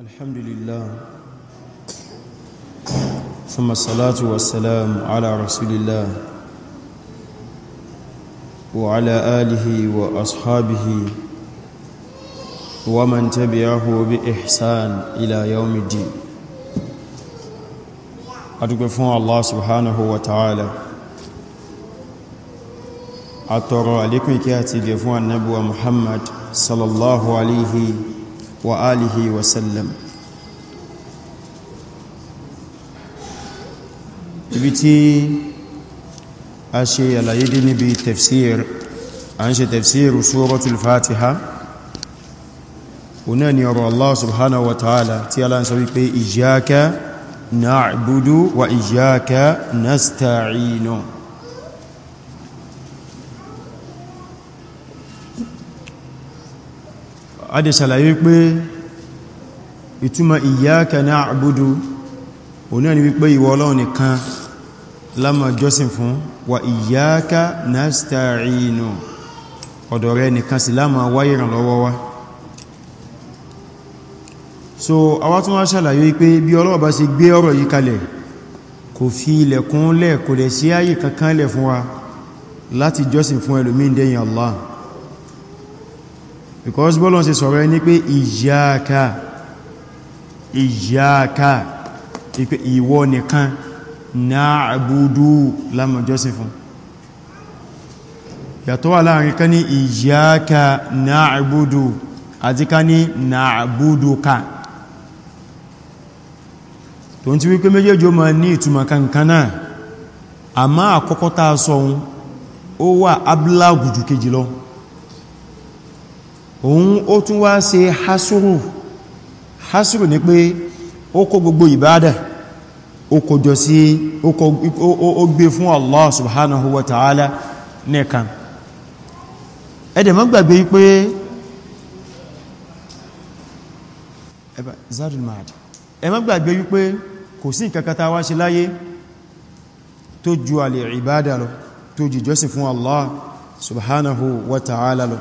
الحمد لله ثم الصلاة والسلام على رسول الله وعلى آله وأصحابه ومن تبعه بإحسان إلى يوم الدين أتقفون الله سبحانه وتعالى أترى لكم كاتب فون محمد صلى الله عليه وسلم وآله وسلم بيتي أشي على يدني بتفسير أنشي تفسير سورة الفاتحة هنا يرى الله سبحانه وتعالى تيالا نسوي بي إجاك نعبد وإجاك نستعينه adé ṣàlàyé pé ìtumọ̀ iyyaka na'budu òní àni wípé ìwọ Ọlọ́run nìkan la máa jọ́sìn fún wa iyyaka nasta'inu ọ̀dọ̀ rẹ nìkan sì la máa wá ìrànlọ́wọ́ wá so àwa tún wá ṣàlàyé pé bí Ọlọ́run bá ṣe gbé ọ̀rọ̀ yìí kalẹ̀ kò fi ilẹ̀kùn lẹ̀ kò lẹ̀ sí ààyè kankan lẹ̀ fún wa láti jọ́sìn fún ẹlòmí Allah because bọ́lọ́n ṣe sọ̀rọ̀ ẹni pé iyyaka iyyaka ìwọ nìkan na'budu lámọ̀jọ́sìn fún yàtọ̀ wà láàrin ká ní iyyaka na'budu àti ká ní na'buduka tó ń ti wípé méjèèjì ma ní ìtumọ̀ kankan náà àmá àkọ́kọ́ ta sọ ohun òun ó tún wá ṣe hasuru hasuru ní pé ó kó gbogbo ìbádà ó kójọ sí ó gbé fún Allah subhanahu wa ta'ala nìkan ẹ̀dẹ̀ mọ́ gbàgbé pé zadul mahadi ẹ mọ́ gbàgbé wípé kò sí ìkàkàtà wá ṣe láyé tó ju alẹ́ ìbádà lọ tó jìjọsìn fún Allah subhanahu wa ta'ala lọ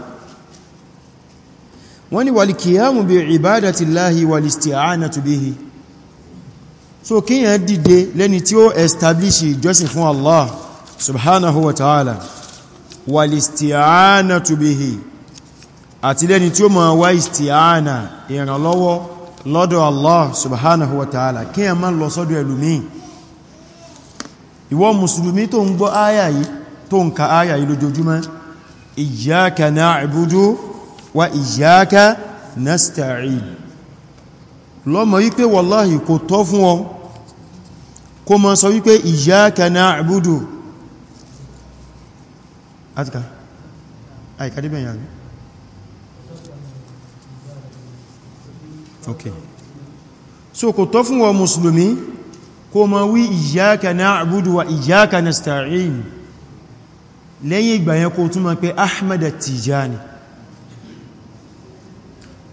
wọ́n ni wàlì kìyàmù bí ìbádàtí láhí wàlì sti'ánà tó bí i so kíyàn dìde lẹ́ni tí ó establish ìjọsìn fún Allah subhanahu wa ta'ala wàlì sti'ánà tó bí i àti lẹ́ni tí ó ma wá isti'ánà ìrànlọ́wọ́ lọ́dọ̀ Allah subhanahu wa ta'ala kíyàn má lọ sọ́dọ̀ ẹlùmí ìwọ mùsùlùmí tó ń gbọ́ áyà yìí tó ń ka áyà wa iyyaka nasta'in lọ́mọ wípé wallahi kò tọ́ fún ọ kó mọ́ sọ wípé iyyaka na'budu àtìkà àìkàdébẹ̀ yàrí ok so kò tọ́ fún ọ mùsùlùmí kó mọ́ wí iyyaka na'budu wa iyyaka nasta'in lẹ́yìn ìgbà yẹn túnmọ̀ pé Ahmad Tijani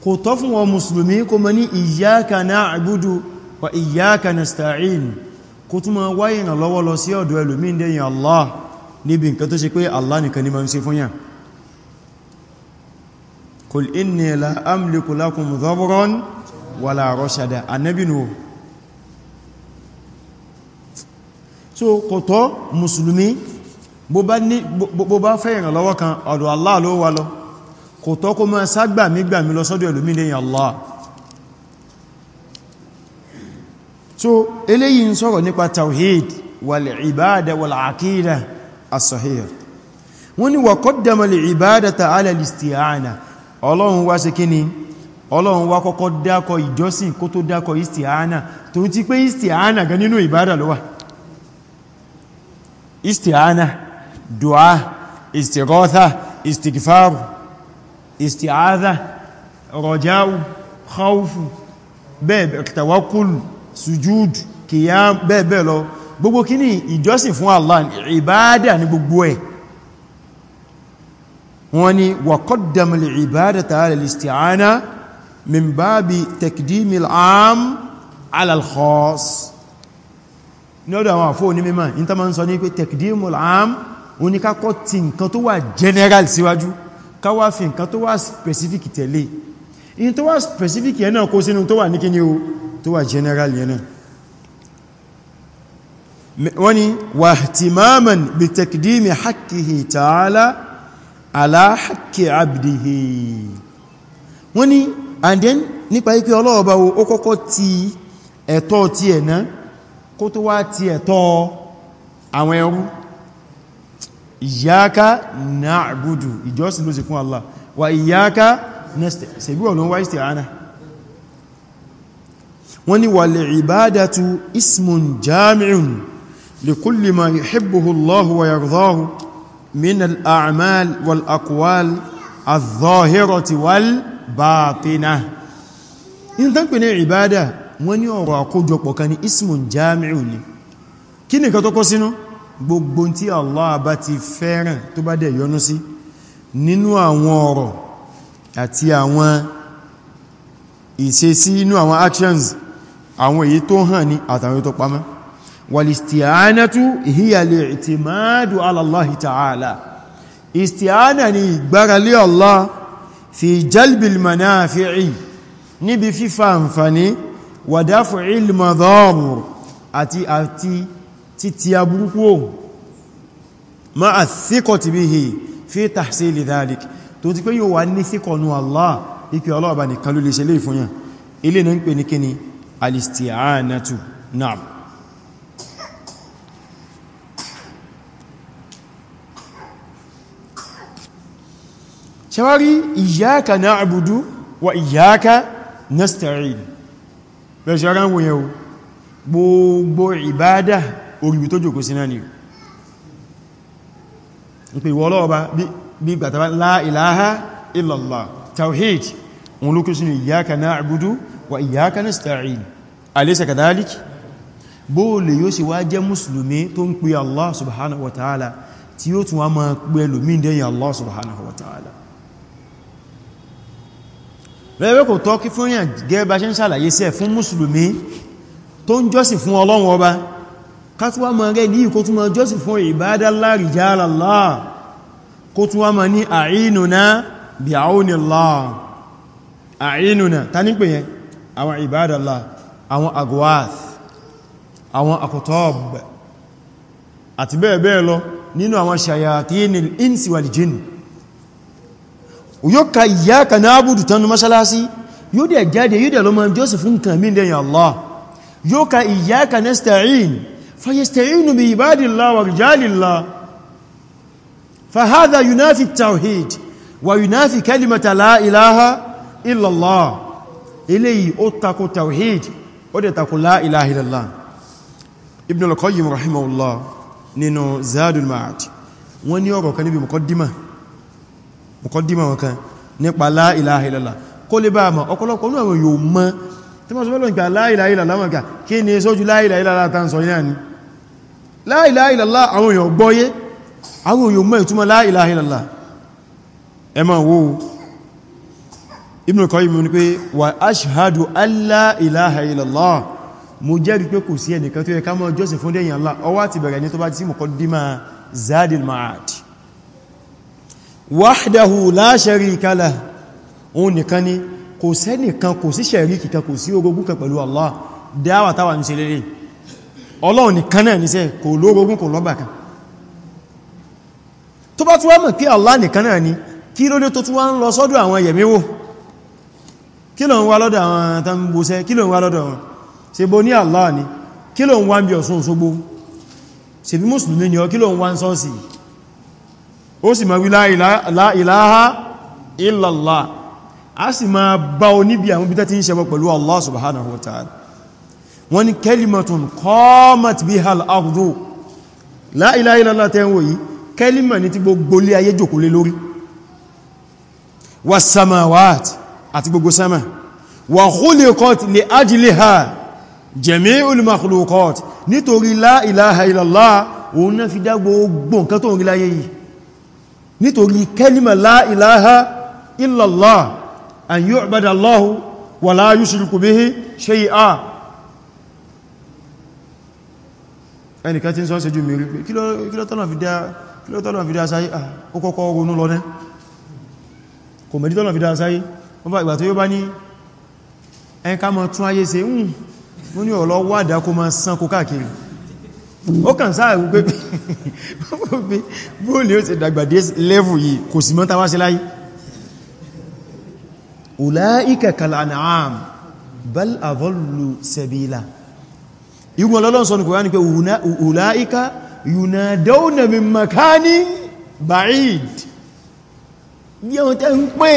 kò tọ́ fún wọn musulmi kó mọ́ ní iyyaka na'budu wa iyyaka nasta'in kó tún ma wáyé na lọ́wọ́ lọ sí ọ̀dọ̀ ẹlòmí dẹ̀yìn Allah níbi nǹkan tó ṣe pé Allah nìkan ni ma ń ṣe fún yàn kul inni so kò tọ́ musulmi bó bá fẹ́ ìrànlọ́wọ́ kan ọ̀dọ̀ Allah ló wà lọ́wọ́ kò tọ́ kó máa ságbà mígbà mi lọ sọ́dọ̀ ẹlòmí lẹ́yìn Allah so eléyìí ń sọ̀rọ̀ nípa tawhid wal ibada wal aqida as-sahih wọ́n ní wa qaddama al ibadata ala al isti'ana ọlọ́run wá ṣe kíni ọlọ́run wá kọ́kọ́ istighfar isti'adha rọjáwù khawfu bẹ́ẹ̀ tawakkul sujúd kìyàm bẹ́ẹ̀ bẹ́ẹ̀ lọ gbogbo kí ní ìjọsìn fún Allah ìbádà ní gbogbo ẹ̀ wọ́n ni wa qaddama al-ibadata ala al-isti'ana min babi takdim al-am ala al-khass ní ọdọ̀ àwọn àfóò ní mímọ̀ ní tàbí sọ ní pé takdim al-am oníkakọ́ ti nǹkan tó wà general síwájú si ká wá fi nǹkan tó wá specific tẹ̀lé in tó wá specific yẹn náà kó sínú tó wà ní kíní o tó wà general yẹn náà wọ́n ni wà timaman bi takdimi haqqihi ta'ala ala haqqi abdihi wọ́n ni and then nípa ipé ọlọ́ọ̀bá ó kọ́kọ́ ti ẹ̀tọ́ ti ẹ̀ná kó tó wá ti ẹ̀tọ́ àwọn ẹrú ìyáka na'budu ìjọsìn ló sì fún Allah wa ìyáka sẹ̀bí ọ̀lọ́wà isti'ana wọ́n ni wal ibadatu ismun jami'un li kulli ma yuhibbuhu Allahu wa yardahu min al'amal wal aqwal az-zahirati wal batina in tán pè wọ́n ni ọ̀rọ̀ àkójọpọ̀ kan ismun jami'un ni kí ni ka tó gbogbo tí Allah bá ti fẹ́ràn tó bá dẹ̀ yọ́nú sí nínú àwọn ọ̀rọ̀ àti àwọn ìṣesí inú àwọn actions àwọn èyí tó hàn ní àtàwọn tó pamọ́ wal-isti'anatu hiya al-i'timadu 'ala ni ìgbáralé Allah fi jalbil manafi'i níbi fífa àǹfàní wa daf'il àti àti títí aburúkú ohun ma a síkọ̀ ti bí hì fi tahsili dhalik tó ti pé yóò wà ní síkọ̀ nú Allah ikú ọlọ́ọ̀bá nìkan ló lè ṣe lè fún yàn ilé na ń pè ní kíni alistianatu naam ṣewárí iyyaka na'budu wa iyyaka nasta'in bẹ̀ṣẹ̀ gbogbo ìbádá oríbi tó jòkó sí náà ni ń pè wọ́lọ́ ọba bí gbàtàbá la ilaha illallah tawhid wọn ló kí sínú iyyaka na'budu wa iyyaka nasta'in alaysa kadhalik bóòlè yóò sì wá jẹ́ mùsùlùmí tó ń pè Allah subhanahu wa ta'ala tí yóò tún wá máa pè lómí dẹ́yìn Allah subhanahu wa ta'ala rẹ̀wẹ́ kò tọ́ kí fún yàn gẹ́gẹ́ ń ṣàlàyé sí fún mùsùlùmí tó ń jọ́sìn fún Ọlọ́run ọba kátúwà ma rẹ̀ ní kó túnmọ̀ jọ́sì fún ìbádálá rìjálàlá kó túnwà ma ní àínúna bí àónìlá àínúna ta ní pèyẹn àwọn ìbádálá àwọn agwath àwọn akọtọ́b àti bẹ́ẹ̀ bẹ́ẹ̀ lọ nínú àwọn shayatinil insi wal jin yóò ka iyyaka na'budu tánú mọ́ṣálásí yóò dẹ̀ jáde yóò dẹ̀ lọ ma jọ́sì fún فيستعين بعباد الله ورجال الله فهذا ينافي التوحيد وينافي كلمة لا إله إلا الله إليه أتقو التوحيد أتقو لا إله إلا الله ابن القيم رحمه الله نينو زاد المعاد wọ́n ní ọ̀rọ̀ kan níbi mọ̀kọ́dímà wọn kan nípa la ilaha illallah kó lè bá àmà ọ̀pọ̀lọpọ̀ ní àwọn yóò mọ́ tí wọ́n sọ mẹ́lọ ìgbà la ilaha illallah wọn kí ni sójú la tán sọ yáà la ilaha illallah àwọn èèyàn gbọ́yé àwọn èèyàn mọ̀ ìtumọ̀ la ilaha illallah ẹ máa wò Ibn Qayyim ní pé wa ashhadu an la ilaha illallah mo jẹ́rìí pé kò sí ẹnìkan tó yẹ ká máa jọ́sìn fún dẹ́yìn Allah ọwá ti bẹ̀rẹ̀ ní tó bá ti sí muqaddima Zadil Ma'ad ọlọ́run nìkan náà níṣẹ́ kò lórogún kò lọ́gbà kan tó bá tún wá mọ̀ pé Allah nìkan náà ni kí ló dé tó tún wá ń lọ sọ́dọ̀ àwọn yẹ̀míwò kí ló ń wá lọ́dọ̀ àwọn tàbíbóṣẹ́ kí ló ń wá lọ́dọ̀ wọn ṣe bó ní Allah ni kí ló ń wá ń bí Ọ̀ṣun Òṣogbo ṣe bí mùsùlùmí ni ọ kí ló ń wá ń sọ́ọ̀sì ó a sì máa bá oníbi Allah subhanahu wa wọ́n ní kẹlìmọ̀tún kọ́mọ̀tí bí hal ardu la ilaha illallah tẹ́wọ̀ yìí kẹlìmọ̀ ní ti gbogbo lé ayé jòkólé lórí wa samawat àti gbogbo sama wa khuliqat li ajliha jami'ul makhluqat nítorí la ilaha illallah òun náà fi dá gbogbo nǹkan tó ń ẹnìkan tí ń sọ́ọ́sẹ̀ jù mìírí pé kí ló tọ́lọ̀ fi dá sáyé ah, ó kọ́kọ́ ronú lọ náà kò mẹ́dí tọ́lọ̀ fi dá sáyé wọ́n bá ìgbà tó yóò bá ní ẹnká mọ̀ tún ayé ṣe ń mú ní ọ̀lọ́ wádà kó máa sán kó káàkiri ó sabila irú ọlọ́lọ́ sọ ní Kùránì pé ulaika yunadawna min makanin ba'id yíò tẹ́ ń pè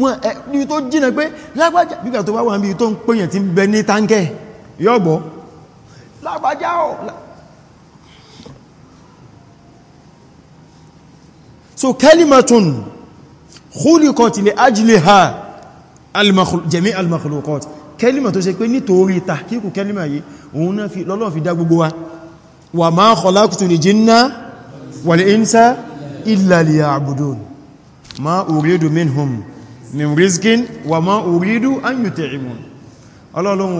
wọ́n ní tó jìnà pé lágbàjá bí tó bá wà níbi tó ń pèyàn ti bẹ ní tánkẹ́ yọ́gbọ́ lágbàjá ọ̀ so kalimatun khuliqat li ajliha jami' al-makhluqat kẹlìmọ̀ tó ṣe pé nítorí tàkíkù kẹlìmọ̀ yìí òun náà fi lọ́lọ́ fi dá gbogbo wa wa ma khalaqtul jinna wal insa illa liya'budun ma uridu minhum min rizqin wa ma uridu an yut'imun ọlọ́lọ́wọ̀n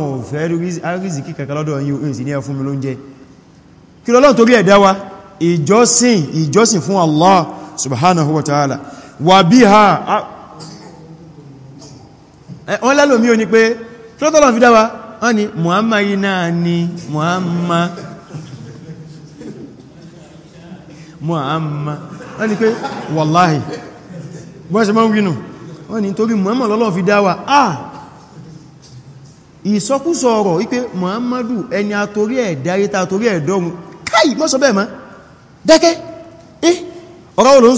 ò lálòmí o ní pé ṣọ́tọ́lọ̀ fi dáwà wọ́n ni Muhammad yìí náà ni Muhammad Muhammad wọ́n ni pé wàláhì wọ́n ṣe máa ń gínú wọ́n ni torí Muhammad lọ́lọ́ fi dáwà ah ìsọkúsọ ọ̀rọ̀ wípé Muhammadu ẹni àtorí ẹ̀ dáyé ta torí ẹ̀ dọ́run káì mọ́ sọ bẹ́ẹ̀ mọ́ dákẹ́ eh ọ̀rọ̀ wo ló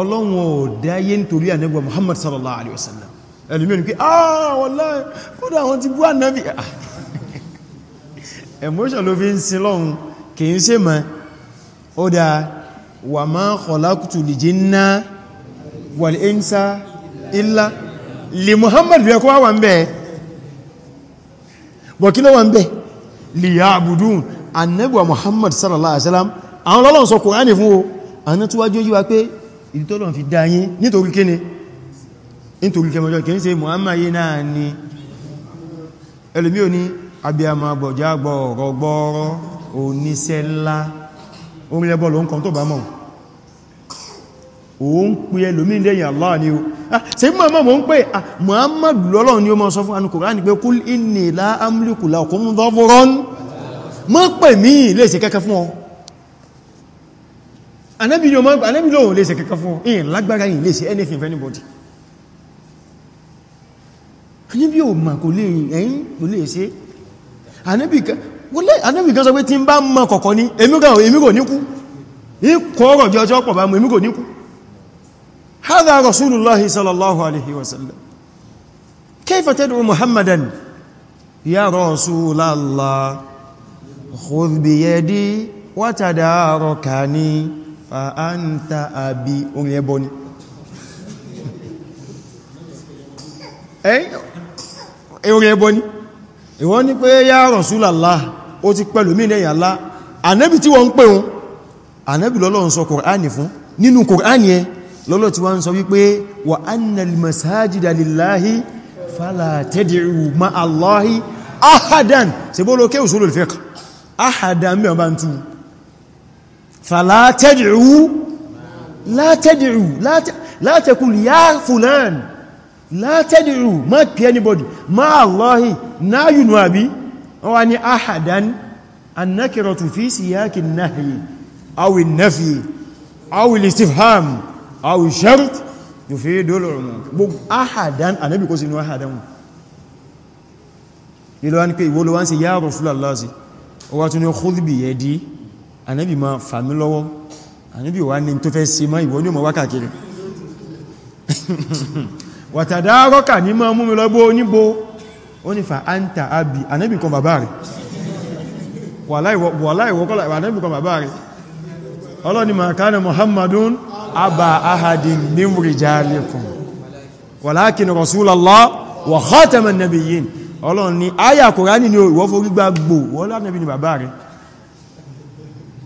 ọlọ́run ò dáyé nítorí ànẹ́gbà Muhammad sallallahu alaihi wasallam ẹlùmí pé àwọ̀lá ah, kódà wọn ti bú ànábì ah. emotion ló fi ń sin lọ́run kìí ṣe mọ́ ó dá wà máa khalaqtu lil jinna wal insa illa li Muhammad bí ẹkọ́ wà ń bẹ́ bọ̀ kí ló wà ń bẹ́ li ya'budun annabuwa Muhammad sallallahu alaihi wasallam àwọn lọ́lọ́ nítorí kẹmọjọ́ kìí ṣe Muhammad yìí náà ni ẹlòmí ò ní abiyama gbọ̀já gbọ̀ọ̀rọ̀ gbọ́ọ̀rọ̀ oníṣẹ́ ńlá orílẹ̀ tó bá mọ̀ òun pè ẹlòmí lẹ́yìn Allah ni ó ṣe mọ́mọ́ mọ́ ń pè ah, Muhammad lọ́lọ́ ni ó mọ́ sọ fún anú Kùránì pé kúl inni la amliku lakum dọ́fúrán mọ́ pè mí lè ṣe kẹ́kẹ́ fún ìyìn lágbára yìí lè ṣe anything for anybody ànábì ò mà kò lè ẹ̀yìn kò lè ṣe ànábì kan sọ pé tí ń bá mọ kọ̀kọ́ ní èmi kò níkú kọ́ọ̀rọ̀ jẹ́ ọjọ́ pọ̀ bá mú èmi kò níkú hadha rasulullahi sallallahu alaihi wasallam kayfa muhammadan ya rasulallah orin ẹbọ ni ìwọ́n ní pé yá Rasulullah ó ti pẹ̀lú mí lẹ́yìn Allah ànábì tí wọ́n ń pè wọn ànábì lọ́lọ́run sọ Kùránì fún nínú Kùránì ẹ lọ́lọ́ tí wọ́n sọ wípé wa annal masajida lillahi fala tad'u ma'allahi ahadan ṣe bó lókè usulul la tad'u má pè anybody ma Allahi náyùnú àbí wọ́n ni ahadan annakiratu fi siyaki nahyi awi nafi awi istifham awi shart yufidu al-umum gbogbo ahadan anábì kó sí inú ahadan wọn ilọ́ wọ́n pé ìwọ́lọ́ wọ́n sí ya Rasulullah sí ọwá tún ní khudh bi yadi anábì ma fàmí lọ́wọ́ anábì wà ní tó fẹ́ sí ma ìwọ́n ní ọmọ wákàkiri wàtàdá rọ́kà ní máa mú mi lọ́gbó oníbo ó ní fa áńtà àbí ànábì kan bàbá rẹ̀ wàláì wọ́kọ́lá ànábì kan bàbá rẹ̀ ọlọ́ni makana muhammadun abba ahadin min rijalikum walakin rasulallah wa khataman nabiyyin ọlọ́ni ayà kùránì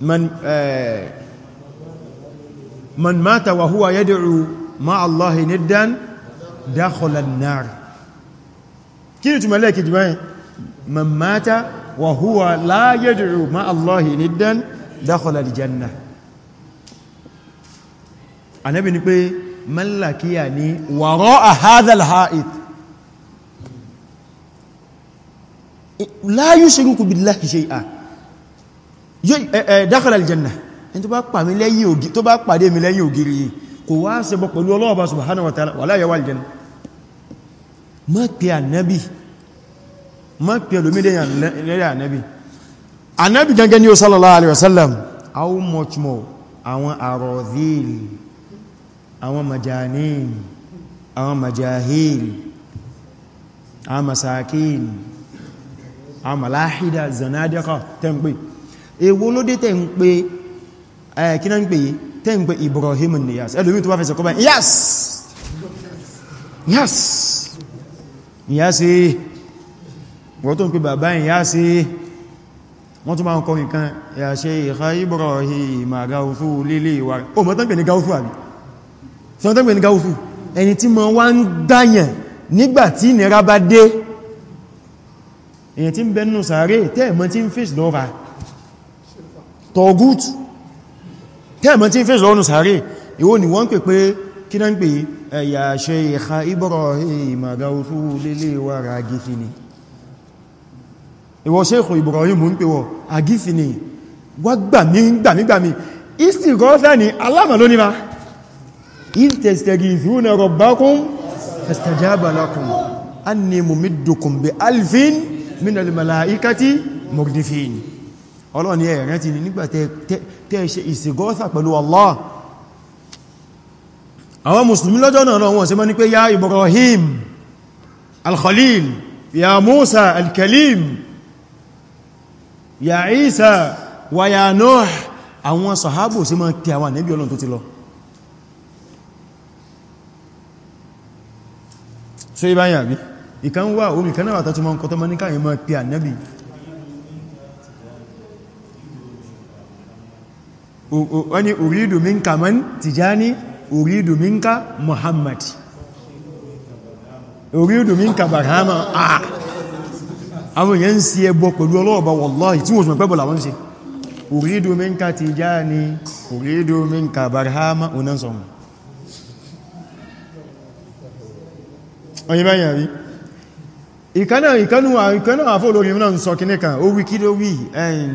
من من مات وهو يدعو مع الله ندا دخل النار كيف تملك جماعه من مات وهو لا يدعو مع الله ندا دخل الجنة. أنا بنقول pé man laqiya ni wara'a hadha al-ha'id la yushriku dákàlà aljanna ẹni tó bá pàdé mi lẹ́yìn ògiri yìí kò wá ṣẹbọ pẹ̀lú ọlọ́ọ̀bá subhanahu wa ta'ala wala yawal janna má pè ànábì má pè ẹlòmí lẹ́yìn ànábì ànábì gangan ni ó sallallahu alaihi wasallam how much more àwọn àrọ̀dìl àwọn majanin àwọn majahil àwọn masakin àwọn malahida zanadika tẹ́m̀pẹ́ Ewo ló dé tẹ́ ń pè eh, kí náà ń pè tẹ́ ń pè Ibrahim Niyas ẹlòmí tó bá fẹsẹ̀ kọ́bá Niyas Niyas Niyas e. wọ́n tó ń pè bàbá Niyas e. wọ́n tó máa ń kọ́ nǹkan ya Sheikha Ibrahim Gaufu lílé ìwà o mọ́ tán pè ní Gaufu àbí sọ tán pè ní Gaufu ẹni tí mọ́ wá ń dáyàn nígbàtí ìnira bá sàárè tẹ́ẹ̀mọ́ tí ń fèsì lọ́ra tọ̀gútù tẹ́ẹ̀mọ́ tí ń fèsì lọ́nù sàárè ìwọ ni wọ́n pè pé kí náà ń pè ẹ̀yà ṣe ìha Ibrahim àgáwòtú lélé wà rà gífì ni ìwọ ṣe Ibrahim ń pè wọ àgífì ni wà gbàmí gbàmí gbàmí ìsì gọ́ọ́fẹ́ ni alámà lónìí ọlọ́ni ẹ̀rẹ́ ti ní nígbà tẹ́ ṣe ìsìgọ́sà pẹ̀lú Allah àwọn musulmi lọ́jọ́ náà náà wọ́n ṣe mọ́ ní pé ya Ibrahim al-Khalil ya Musa al-Kalim ya Isa wa ya Nuh àwọn sàhábò ṣe mọ́ kí àwọn ànábì Ọlọ́run tó ti lọ so ibáyàbí ìkan wà omi kanáwà tó ti mọ́ nǹkan tó mọ́ ní káyẹ mọ́ pí ànábì wani uridu minka man tijani uridu minka muhammad uridu minka barhama ah àwọn yẹn si ẹbọ pẹ̀lú ọlọ́ọ̀bá wallahi tí wọ́n pẹ́bọ̀ làwọn ṣe uridu minka tijani uridu minka barhama onan sọmọ ọ̀yìn báyìí àrí ìkánà ìkánà àfọ́ olórin náà ń sọ kìnnìkan ó wikí ló wí ẹ̀yìn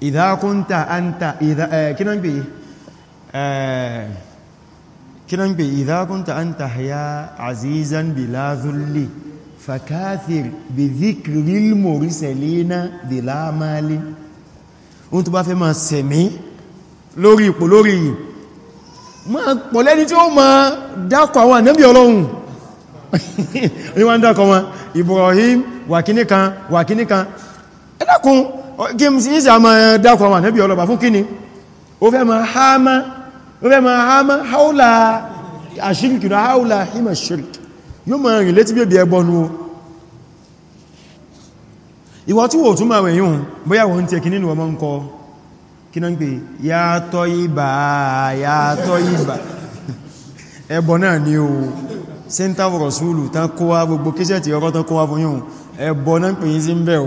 idha kunta anta kíná ń pè kíná ń pè idha kunta anta ya azizan bila dhulli fakathir bi dhikril mursalina bila mali ohun tó bá fẹ́ máa sẹ̀mí lórí ipò lórí yìí ma pọ̀ lẹ́ni tí ó ma dákọ̀ àwọn ànábì ọlọ́run ní wọ́n dákọ̀ wọn Ibrahim wàkíníkan wàkíníkan ẹ james ní da dákọ̀ wà nẹ́bí ọlọ́bà fún kíni ó fẹ́ ma hama, ó fẹ́ ma hama. haúlà àṣírìkì náà haúlà hima ṣírìkì yóò ma rìn létí bèbè ẹgbọnú ìwọ tí wò tún ma rẹ̀ yíò bóyá wọ́n tẹ́ kì nínú ọmọ ń kọ kí náà ń pè yàtọ̀ ibà yàtọ̀ ibà ẹbọ náà ni o center of rasulu tán kó wá gbogbo kíṣẹ́ ti ọkọ́ tán kó wá fún yíò ẹbọ náà pè yí sí ń o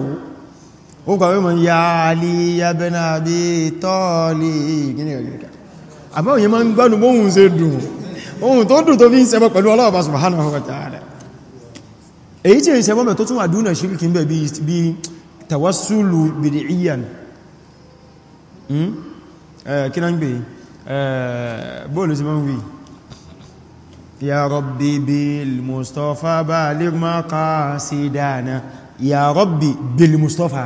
ó gbà wé ya alì yabẹ́nà àbí tọ́ọ̀lì gíní ọ̀gẹ́gẹ́ àbá òyìn máa ń gbádùn bóhun ṣe dùn ohun tó dùn tó fi ń ṣẹbọ pẹ̀lú ọlọ́ọ̀bá subhanahu wa ta'ala èyí tí ń ṣẹbọ mẹ́ tó tún àdúnà ṣíríkì ń bẹ̀ bí tawassulu bid'iyyan hmm? kí ya rabbi bil mustafa baligh maqasidana ya rabbi bil mustafa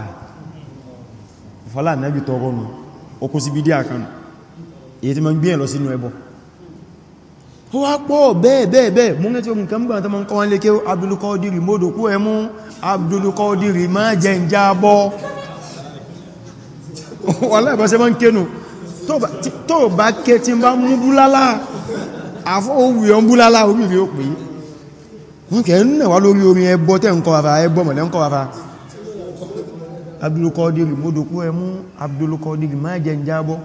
fọ́lá náàbì tọrọ nù okú sí bídí àkànù èyí tí ma ń gbé ẹ̀ lọ sínú ẹbọ ó wá pọ̀ bẹ́ẹ̀ bẹ́ẹ̀ bẹ́ẹ̀ mú ní tí ó mú kẹ́mùgbà tó ma ń kọ́ wọn lékẹ́ abdulukọ́dìrì mọ́dò kú ẹmú abdulukọ́dìrì má jẹ ń já bọ́ wọ́láìbọ́sẹ́ ma ń kénu tó ó pè abdulkodiri mọ́dọ̀kú ẹmú abdulkodiri máa jẹ jábọ́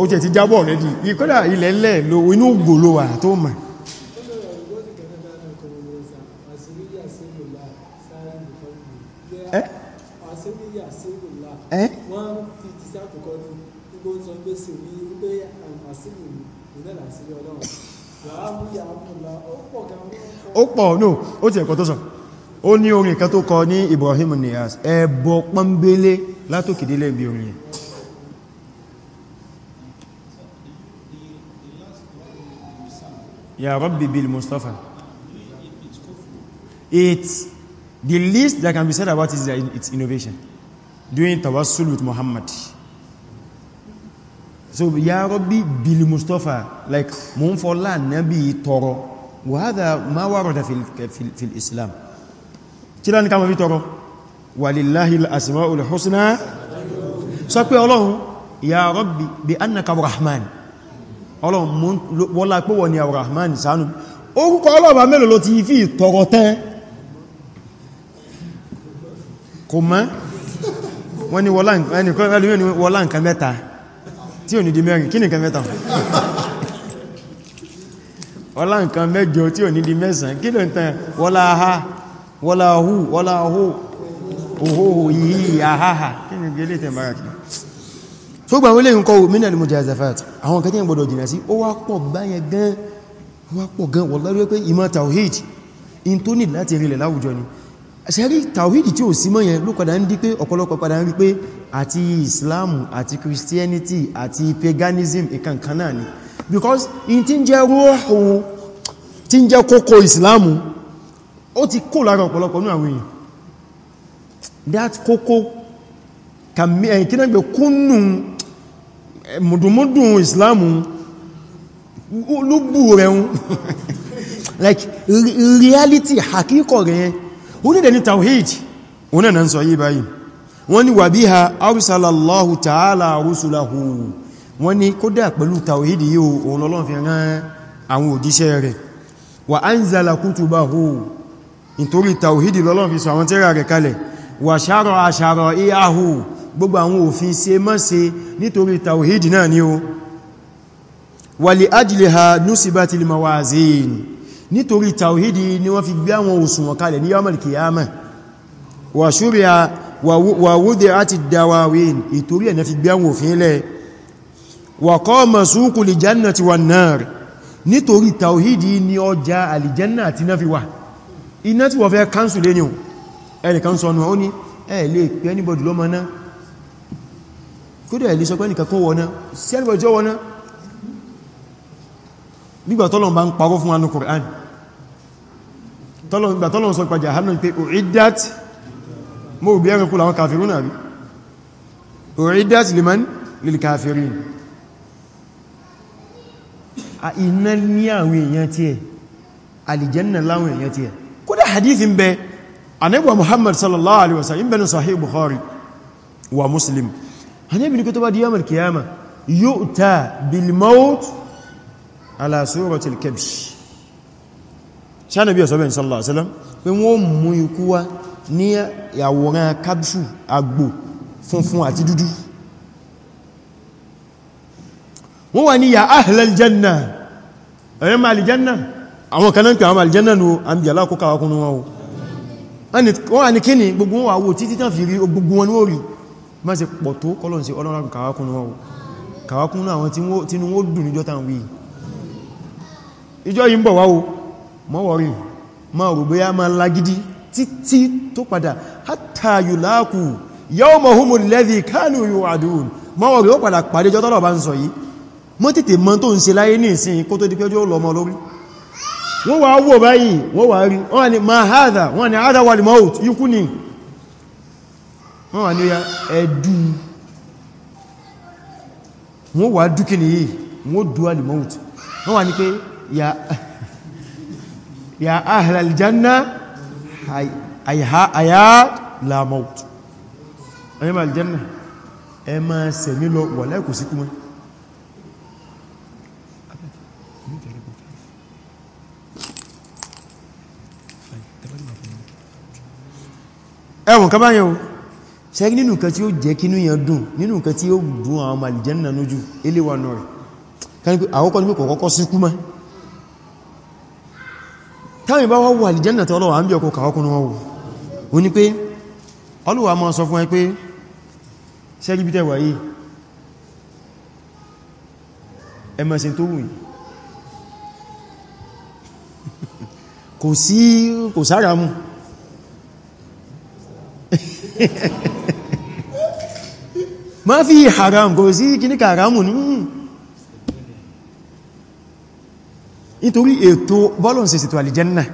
ó tẹ̀ ti jábọ̀ rẹ̀ dì ìkọ́dà ilẹ̀ lẹ́ lo inú gòlówà tó mà ẹ́ ó pọ̀ no ó ti ẹ̀kọ́ tó sọ ó ní orin kan tó kọ ní Ibrahim Niyas ẹbọ pọ́nbélé látòkìdílé ibi orin yẹn ya Rabbi bil Mustafa it's the least that can be said about it is its innovation doing tawassul with Muhammad so ya Rabbi bil Mustafa like mo ń fọ́lá nábi tọrọ wa hadha ma warada fil Islam kí lá ní káàmà fi tọrọ walillahil asmaul husna sọ pé ọlọ́run ya rabbi bi annaka rahman ọlọ́run wọ́lá pé wọ́n ni rahman sánú orúkọ ọlọ́ọ̀bá mélòó ló ti fi tọrọ tẹ́ kò mọ́ wọ́n ni wọ́lá nǹkan mẹ́ta tí ò ní di mẹ́rin kí ni nǹkan mẹ́ta wọ́lá nǹkan mẹ́jọ tí ò ní di mẹ́sàn kí ló ń tẹ́ wọ́lá ha wọ́lá hù wọ́lá hù òhòhò yìí àháhà kí ni gẹ́lẹ̀ tẹ̀mbárakì tó gbà wọ́lé ń kọ́ òmìnà ni mujazafat àwọn kẹtẹ́ ìgbọ̀dọ̀ jìnà sí ó wá pọ̀ báyẹn gan wá pọ̀ gan wallahi pé ìmọ̀ tawhid in tó ní láti rílẹ̀ láwùjọ ni ṣẹ́rí tawhid tí ó sí mọ́ yẹn ló padà ń di pé ọ̀pọ̀lọpọ̀ because in tí ń jẹ́ rúhù tí ó ti kó lára ọ̀pọ̀lọpọ̀ ní àwọn èèyàn that kókó eh, kínàgbẹ̀ kúnnù eh, mùdùmúdùn islamu olúgbù rẹ̀ un like reality hakíkọ̀ rẹ̀ ó nílẹ̀ ní tawhid wọ́n náà sọ yí báyìí wọ́n ni wà bí ha arúsàlálọ́hù tààlà arúsùláhù wọ́n ni kódà pẹ̀lú tawhid yíò òun lọ́lọ́ fi rán àwọn òjíṣẹ́ rẹ̀ wà anzala kutubahu nítorí tàwídì lọ́lọ́n fi sọ àwọn tírà rẹ̀ kalẹ̀ wà ṣàrọ̀ àṣàrọ̀ ìyáhù gbogbo àwọn òfin ṣe mọ́ ṣe nítorí tàwídì náà ni ó wà lè ájìlẹ̀ ha núsìbá ti lè mawazin nítorí tàwídì ni wọ́n fi gbé àwọn òṣùwọ̀n kalẹ̀ ní yawmal kiyama wà ṣúrí iná tí wọ́n fẹ́ káńsù lé ní o ẹnìkan sọ ọ̀nà ó ní ẹ lè pè anybody lọ́mọ náà kódẹ̀ ẹ̀ lè sọ pé ẹnìkan kó wọ́ná sí anybody jọ wọ́ná nígbà ń parọ́ fún anú mo bí ẹranko làwọn kàfirú náà liman lil a iná ní àwọn èèyàn tí ẹ̀ àlìjẹ́nà láwọn èèyàn tí ẹ̀ حديث ب عن ابو محمد صلى الله عليه وسلم بن صحيح البخاري ومسلم هني بن كتب يوم القيامه يؤتى بالموت على سوره الكبش كان النبي صلى الله عليه وسلم بيوم ميكوا ني يا وران كبشو اغبو ففون ati dudu هو ني يا اهل الجنه ايما الجنه àwọn kanáà pẹ̀ àwọn aljanna nù àmì alákọ́kọ́ akúnnú wọn o wọ́n wà ní kíni gbogbo wọn àwò títí tán fi rí gbogbo wọn ní orí má ṣe pọ̀ tó kọ́lọ̀n sí ọlọ́run kàwákúnnú wọn o kàwákúnnú àwọn tí wọ́n dùn mọ́ hatta yulaku yawmahumul ladhi kanu yu'adun mọ́ wọ̀rí ó padà pàdé jọ́tọ́lọ̀ bá ń sọ yìí mọ́ tètè mọ́ tó ń ṣe láyé ní ìsìn kó tó di pé ọjọ́ lọ mọ́ lórí wọ́n wà wò báyìí wọ́n wà rí wọ́n ni ma haza wọ́n ni haza wal maut ikú ni wọ́n wà ní ya ẹ̀dù wọ́n wà dúkì ní yìí wọ́n dú wal maut wọ́n wà ní pé ya ahlal janna àyà la maut ẹ̀mà aljanna ẹ̀mà sẹ̀mí lọ wà láìkò síkú ẹwùn kan báyẹ̀ o ṣe nínú nǹkan tí ó jẹ́ kínú yẹn dùn nínú nǹkan tí ó dùn àwọn ọmọ àlìjẹ́nà lójú eléwà náà rẹ̀ káníkú àwọ́kọ́ ní pé kọ̀kọ́kọ́ sí kú mọ́ táwọn ìbá wọ́wọ́ àlìjẹ́nà tí ọlọ́wà ń bí ọkọ̀ kàwọ́kún wọn wò ó ní pé ọlọ́wà máa sọ fún ẹ pé ṣe rí bítẹ̀ wáyé ẹmọ̀sìn tó kò sí kò sára mú ma fi haram kò sí kìníkà haramu ní nítorí ètò bọ́lọ̀ sí ètò àlìjẹ́nà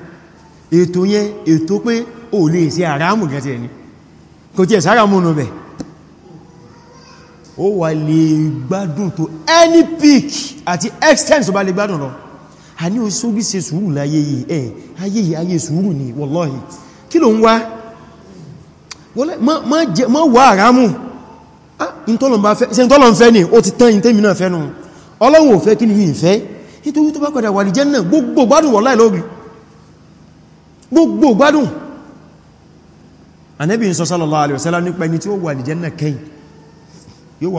ètò yẹn ètò pé o lè sí haramu gẹ́tì ẹni kò tí ẹ̀ sáramù nù bẹ̀ ó wà lè gbádùn tó any peak àti extent tó bá lè gbádùn lọ a ní o sóbí ṣe sùúrù láyé yìí ẹ̀ ayé yìí ayé sùúrù ni wallahi kí ló ń wá mọ́ wà àrámù ìntọ́lọ̀ fẹ́ ní ó ti tán ìntẹ́mì náà fẹ́ nù Ọlọ́run ò fẹ́ kí ni yìí fẹ́ nítorí tó bá padà wà ní Jánnà gbogbo gbádùn wọ́lá ìlọ́gbì gbogbo gbádùn Ànábì sọ sallallahu alaihi wasallam nípa ẹni tí ó wà ní Jánnà kẹ́yìn yóò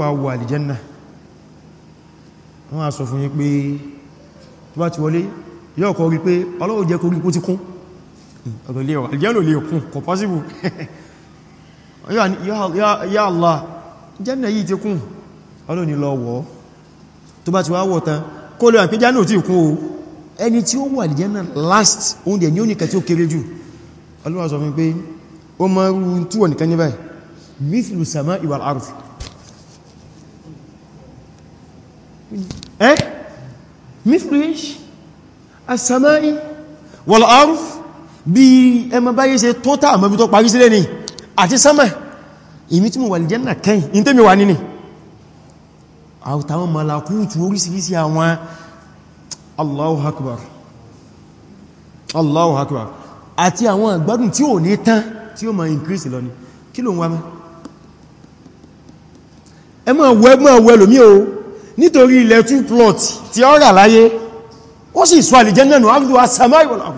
wà wọ àlìjẹ́nà wọ́n á sọ fún yín pé tó bá ti wọlé yóò kọ́ rí pé Ọlọ́run jẹ́ kó rí pó ti kún ọ̀rọ̀ ilé ọ̀rọ̀ aljanna lè kún kò possible ya Allah janna yìí ti kún ọlọ́ ni lọ wọ́ tó bá ti wá wọ́ tán kó lọ àpé janna tí kún o ẹni tí ó wà aljanna last oúnjẹ ní oníkà tí ó kéré jù Ọlọ́run sọ fún pé ó mọ́ rú tí wọ́n nìkan ní báyìí mithlu sama'i wal ardi eh mithlu ish as-sama'i wal bí ẹmọ báyé ṣe tó tàà mọ́bí tó parí sílẹ̀ ní àti sánmà èmi tí mo wà lè jẹ́nà kẹ́yìn ní tẹ́mi wà nínú àtàwọn malakútù orísìírísìí àwọn Allahu Akbar Allahu Akbar àti àwọn àgbádùn tí ò ní tán tí ó ma increase lọ ní kí ló ń wá mọ́ ẹ máa wẹ́ máa wẹ́ lómí o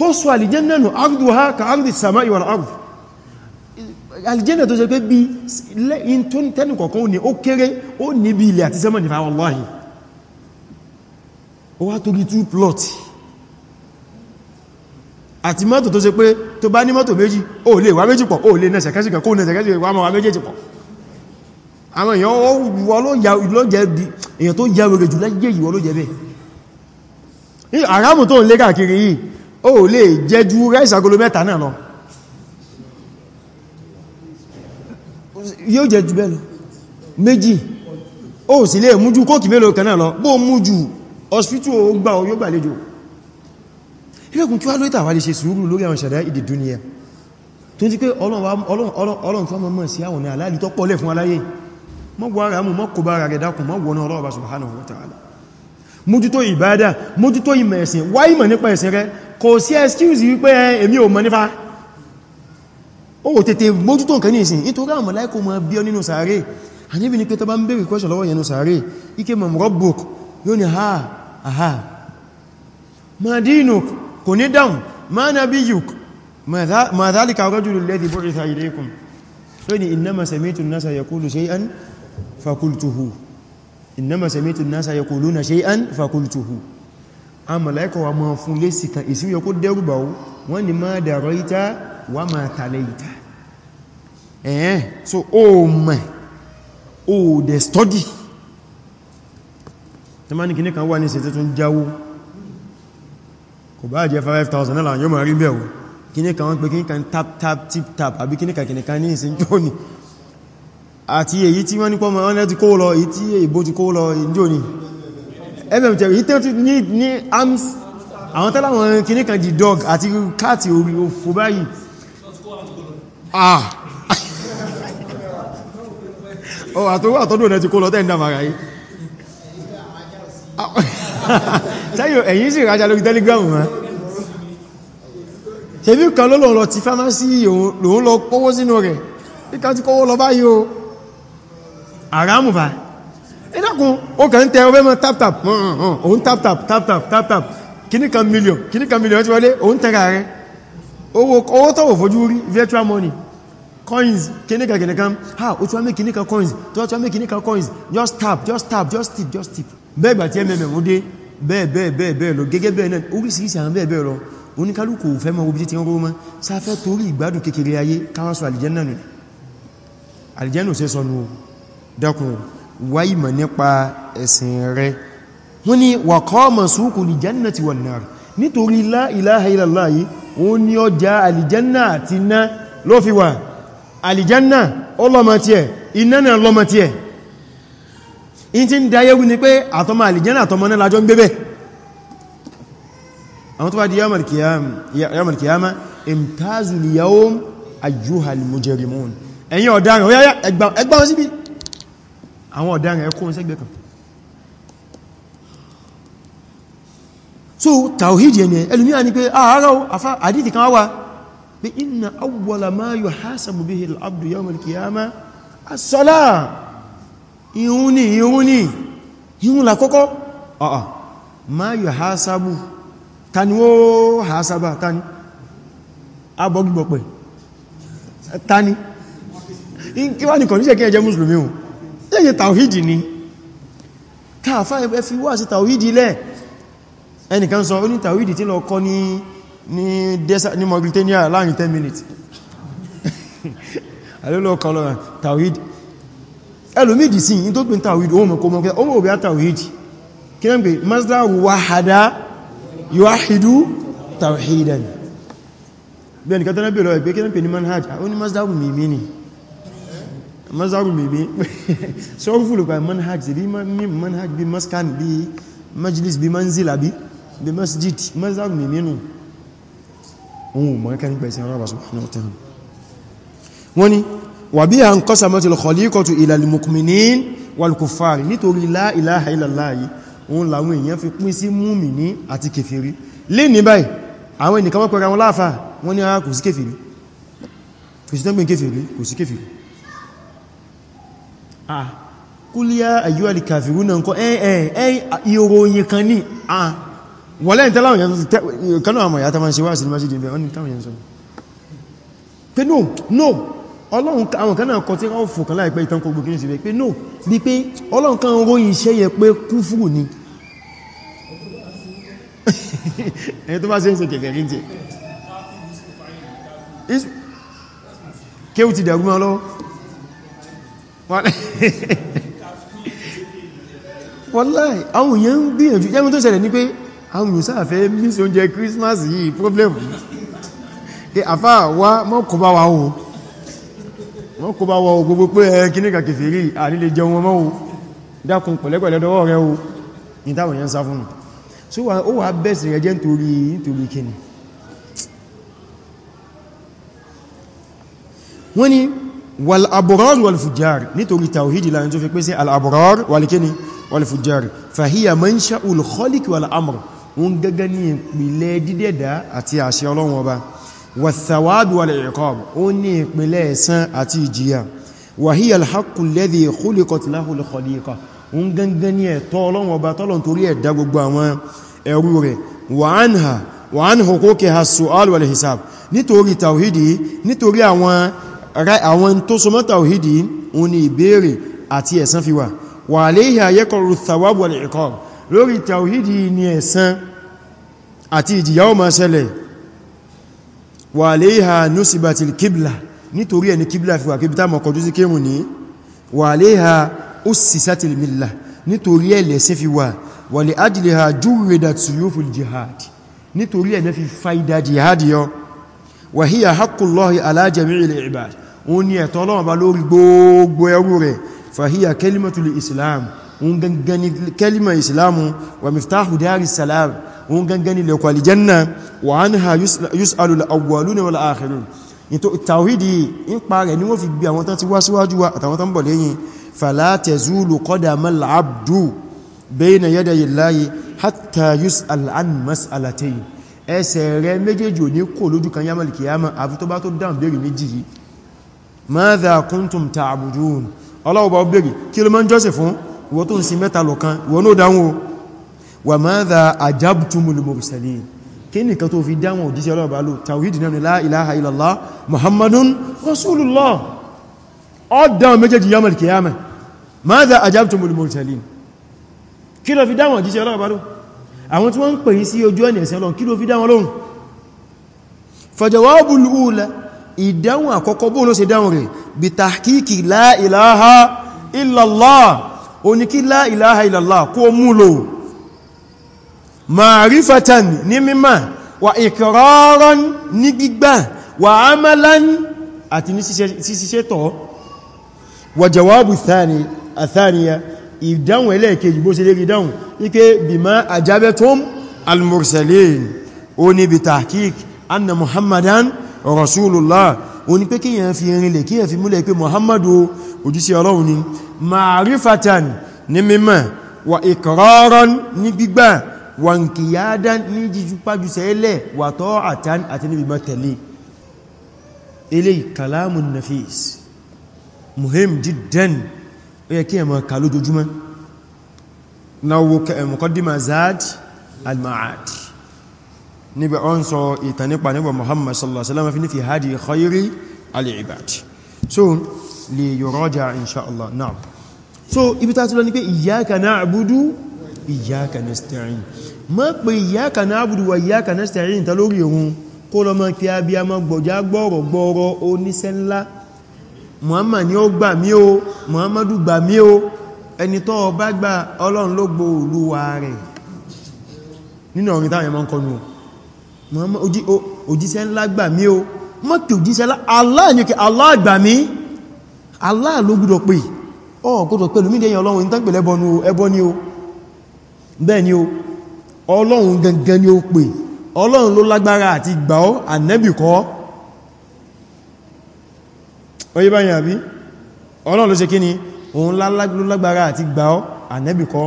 ó sọ alìjẹ́nà nù ardu ha ka ardu sama iwal ardu alìjẹ́nà tó ṣe pé bí in tó ń tẹ́nù kọ̀kan ó ní ó kéré ó ní bí ilẹ̀ àti sẹ́mọ̀ nífà wallahi ó wá torí two plot àti mọ́tò tó ṣe pé tó bá ní mọ́tò méjì ó lè wá méjì pọ̀ ó lè nẹ́sẹ̀ kẹ́sì ó lè jẹ ju ráìsì agolo mẹ́ta náà lọ yóò jẹ ju bẹ́ẹ̀ lọ méjì ó sì lè mú ju kóòkì mélòó kan náà lọ bó mú ju ọ̀sìtù ó gbà ó yóò gbàlejò ilẹ̀kùn kí wá lóítà wà lè ṣe sùúrù lórí àwọn ìṣẹ̀dá ìdè dúníyà tó ti pé ọlọ́run fún ọmọ sí àwọn aláàlì tó pọ̀lẹ̀ fún aláyé mọ́gbọ́ ara mú mọ́kò bá ara rẹ̀ dákùn mọ́gbọ́n ọlọ́ọ̀bá subhanahu wa ta'ala mójútó ìbádà mójútó ìmọ̀ ẹ̀sìn wá ìmọ̀ nípa ẹ̀sìn rẹ kò sí excuse wípé eh, èmi ò mọ̀ nípa ó tètè mójútó nǹkan ní ìsìn nítorí àwọn màláíkà mọ̀ bí ọ nínú sàárè àníbi ni pé tó bá ń bèèrè question lọ́wọ́ yẹnu sàárè ike mọ̀ rabbuk yóò ní ha aha ma dinuk kò ní dáhùn ma nabiyuk ma dhalika ar-rajulu alladhi bu'itha ilaykum fakultuhu innama sami'tu an-nasa yaquluna shay'an faqultuhu a malaika wa ma fún lésì kan ìsí yóò kó dẹ́rùbà ó wọ́n ni ma daraita wa ma talaita ẹ̀ẹ́ so o mẹ́ o dẹ̀ study tí ma ní kìní kan wà ní ṣe tún jáwó kò bá jẹ́ 5,000 náà yóò ma rí bẹ̀rù kìní kan wọ́n pé kìní kan tap tap tip tap àbí kìní kan kìní kan ní ìsin tó àti èyí tí wọ́n ní pọ́mọ̀ ọ́nà ti kó lọ èyí tí èyíbó ti kó lọ ìjò ní mmt èyí tẹ́ tí ní ní arms àwọn tẹ́lá wọn kìní kan di dog àti káàtì orí òfò báyìí ah ọ àtọwọ́ àtọ́dún ọ̀nà ti kó lọ tẹ́ ìdámàrà yìí tẹ́yìn ẹ̀yìn sì rájá lórí telegram wọn ṣe bí kan lọ́lọ́ lọ ti fámásí òun lọ kówó sínú rẹ̀ bí kan ti kówó lọ báyìí o àrámù bá ẹ́dàkùn ó kà ń tẹ ọfẹ́ mọ́ tap tap òun tap tap tap tap tap tap kìní kan million kìní kan million ti wọlé òun tẹ́ra rẹ owó tọ́wọ̀ fojú rí virtual money coins kìní kan kìní kan ha ó tíwá mé kìní kan coins tó wá tíwá mé kìní kan coins just tap just tap just tip just tip bẹ́ẹ̀ gbà tí mm mú dé bẹ́ẹ̀ bẹ́ẹ̀ bẹ́ẹ̀ bẹ́ẹ̀ lọ gẹ́gẹ́ bẹ́ẹ̀ náà oríṣiríṣi àwọn bẹ́ẹ̀ bẹ́ẹ̀ lọ oníkálùkù fẹ́ mọ́ obi tí ń rọ́ mọ́ sáfẹ́ torí ìgbádùn kékeré ayé káwàsù àlìjẹ́ náà nù àlìjẹ́ náà dákun wá ìmọ̀ nípa ẹ̀sìn rẹ wọ́n ni wa qama suqu li jannati wan nar nítorí la ilaha illallah yìí wọ́n ni ọjà alìjánà àti iná ló fi wà alìjánà ọlọ́mọtí ẹ̀ iná náà lọ́mọtí ẹ̀ in ti ń dayéwu ni pé àtọmọ alìjánà àtọmọ náà lájọ ń gbébẹ̀ àwọn tó bá di yawmal qiyamah imtazul yawm àwọn ọ̀daràn ẹkùn sẹ́gbẹ̀ kan so tawhid yẹn ẹlùmíà ni pé ààrẹ afá àdíti kan wá pé inna awwala ma yuhasabu bihi al-abdu yawm al-qiyama as-sala ìhun ni ìhun ni ìhun là kọ́kọ́ ọ̀ọ̀ ma yuhasabu tani ó hasaba tani abọ́gbọ̀pẹ̀ tani in kí wá ní kọ̀níṣẹ́ kí ẹjẹ́ musulmi hùn lẹ́yìn tàwídì ni káàfà ẹgbẹ́ fi wá sí tàwídì lẹ́ ẹnìkan sọ ó ní tàwídì tí lọ kọ́ ní Mauritania láàrin 10 minutes alólọ́ kan lọ́rọ̀ tàwídì ẹlòmídì sí in tó pín tàwídì ohun mọ̀kọ́ mọ̀kẹ́ ohun òbí tàwídì kí náà pé mazda wahada yuwahidu tàwídì bẹ́ẹ̀ nìkan tẹ́lẹ̀ bẹ̀rẹ̀ ẹgbẹ́ kí náà pé ní manhaj mazaru mebe sọ́rọ̀fù lò pa manhaj bí manhaj bi maskan bi majlis bi manzila bí bi masjid mazaru mebe nù ohun mọ́ká nípa ìsìn basu no wa ta'ala wọ́n ni wà bí a ń kọ́sà mọ́tí lọ́kọ̀líkọ̀tù ìlàlìmọ̀kùnmìnín wàlùkùfààrí nítorí la ilaha illallah òun làwọn èèyàn fi pín sí múmìní àti kèfèrí lè ní báyìí àwọn ènìyàn mọ́ pẹ̀rẹ̀ àwọn láàfà wọ́n ní ara ah, kò sí kèfèrí kò sí tẹ́gbìn kèfèrí kò sí kèfèrí ah kúlíyà àyíwá lè kàfìrú náà kọ́ ẹ́ẹ̀ẹ́ ìròyìn kan ní ah wọ́n lẹ́yìn tẹ́láwọn yẹn kanú àmọ̀ ìyá tamá ṣe wá sílùmá sí dìbẹ̀ ọ́nà táwọn no no ọlọ́run àwọn kan náà kọ tí wọ́n fò kan no bí pé ọlọ́run kan ròyìn iṣẹ́ yẹ pé kúfùrù ni ẹni tó bá ṣe ń wọ́láì àwọn èèyàn ń gbìyànjú jẹ́mù tó ṣẹlẹ̀ ní pé àwọn èèyàn sáàfẹ́ mísí oúnjẹ Christmas yìí problem pé àfá wá mọ́kọba wa o mọ́kọba wa o gbogbo pé ẹ kí ní kàkèfèrí àrílẹ̀ jẹun ọmọ o dákun pẹ̀lẹ́pẹ̀lẹ́ dọwọ́ rẹ o ní táwọn èèyàn sá fún so ó wà bẹ́ẹ̀sì rẹ jẹ́ nítorí nítorí kíni wọ́n ni والابرار والفجار نيتوري توحيد لا نجو في بيسي الابرار والكني والفجار فهي منشأ الخلق والامر wọ́n gaga ni ìpìlẹ̀ dídẹ̀dá àti àṣẹ Ọlọ́run Ọba والثواب والعقاب ó ní ìpìlẹ̀ ẹ̀san àti ìjìyà وهي الحق الذي خلقت له الخليقة wọ́n gaga ni ẹ̀tọ́ Ọlọ́run Ọba tọ́lọ̀ torí ẹ̀dá gbogbo àwọn ẹrú rẹ̀ وعنها وعن حقوقها السؤال والحساب nítorí tàwídì nítorí àwọn àwọn tó so mọ́ tàwídì òun ni ìbéèrè àti ẹ̀san fi wà wà léhì ayẹ́kọ̀rù thawabu wal iqab lórí tàwídì ni ẹ̀san àti ìjìyà ó máa ṣẹlẹ̀ wà léhì nusibatil kibla nítorí ẹni kibla fi wà kíbítà mọ̀ kọjú sí kémù ní wà fi jihad nítorí ẹ̀lẹ́ fi faida jihad yọ wà híyà haqqullahi ala jami'il ibad òun ni ẹ̀tọ́ Ọlọ́run bá lórí gbogbo ẹrú rẹ̀ fàhíyà kẹlímọ̀tùlù islam òun gangan ni kẹlímọ̀ islamu wa miftahu dari salam òun gangan ni lẹ́kọ̀ alìjanna wa anha yus'alul awwaluna wal akhirun ìtò tàwídì ipa rẹ̀ ni wọ́n fi gbé àwọn tán ti wá síwájú wa àtàwọn tán bọ̀ lẹ́yìn fala tazulu ẹsẹ̀ rẹ̀ méjèèjì ò ní kò lójú kan yamal kiyama àfi tó bá méjì yìí mādhā kuntum ta'budūn ọlọ́ọ̀bá obìnrin kí ló máa ń jọ́sìn fún ìwọ tó ń sin mẹ́ta lọ́kan ìwọ náà dáhùn wa mādhā ajabtumul mursalīn kí ní kan tó fi dáhùn òjíṣẹ́ ọlọ́ọ̀bá lò tawhid náà ni lā ilāha illallāh muhammadun rasulullah ọ̀dáhùn méjèèjì yawmal qiyāmah wọ́n ń pè yí sí ojú ọ̀nà ẹ̀sìn ìdáhùn àkọ́kọ́ bóòlò ṣe dáhùn rẹ̀ bí tàkíkì la ilaha illallah oníkí la ilaha illallah kó múlò ma'rifatan ní mímá wà iqraran ní gbígbà wà amalan àti ní ṣíṣe tọ́ wà jawabu athaniya ìdáhùn ẹlẹ́ẹ̀kejì bó ṣe ìdáhùn ike bima ajabatum al-mursalin oní bí tàkíkì anna muhammadan rasulullah ó ní pé kíyàn fi rinlẹ̀ kíyàn fi múlẹ̀ pé muhammadu òjíṣẹ́ ọlọ́run ni ma'rifatan ní mímọ̀ wa ikraran ní gbígbà wa nkiyadan ní jíjúpájú sẹ́lẹ̀ wa ta'atan àti níbi mọ́tẹ̀lé ilé kalamun nafis muhim jiddan ó yẹ kíyàn mọ̀ kà lójoojúmọ́ na wo muqaddima al-ma'ad níbi ọ́n sọ ìtàn nípa nípa Muhammad sallallahu alaihi wasallam fi ní fi hadi khayri al-ibad so li yuraja inṣáàlá náà so ibi ta ti lọ ní pé iyyaka na'budu iyyaka nasta'in ma pe iyyaka na'budu wa iyyaka nasta'in ta lórí ohun kó lọ mọ́ kí a bí a mọ́ gbọ̀já gbọ́rọ̀ gbọ́rọ̀ oníṣẹ́ ńlá Muhammad ni ó gbà mí o Muhammadu gbà mí o ẹni tó bá gbà Ọlọ́run ló gbọ́ olúwa rẹ̀ nínú ọ̀rin táwọn ẹmọ́ ń kọnu Muhammad òjíṣẹ́ ńlá gbà mí o mọ́kí òjíṣẹ́ ńlá Allah ní kí Allah gbà mí Allah ló gbọ́dọ̀ pè ọ̀gọ́dọ̀ pẹ̀lú mídẹ̀ yẹn ọlọ́run tán pẹ̀lẹ́ ẹbọ ni o bẹ́ẹ̀ ni o ọlọ́run gangan ni o pè ọlọ́run ló lágbára àti gbà ọ́ ànẹ́bì kọ́ oye báyìí àbí ọlọ́run ló ṣe kí ni òun lágbára àti gbà ọ́ ànẹ́bì kọ́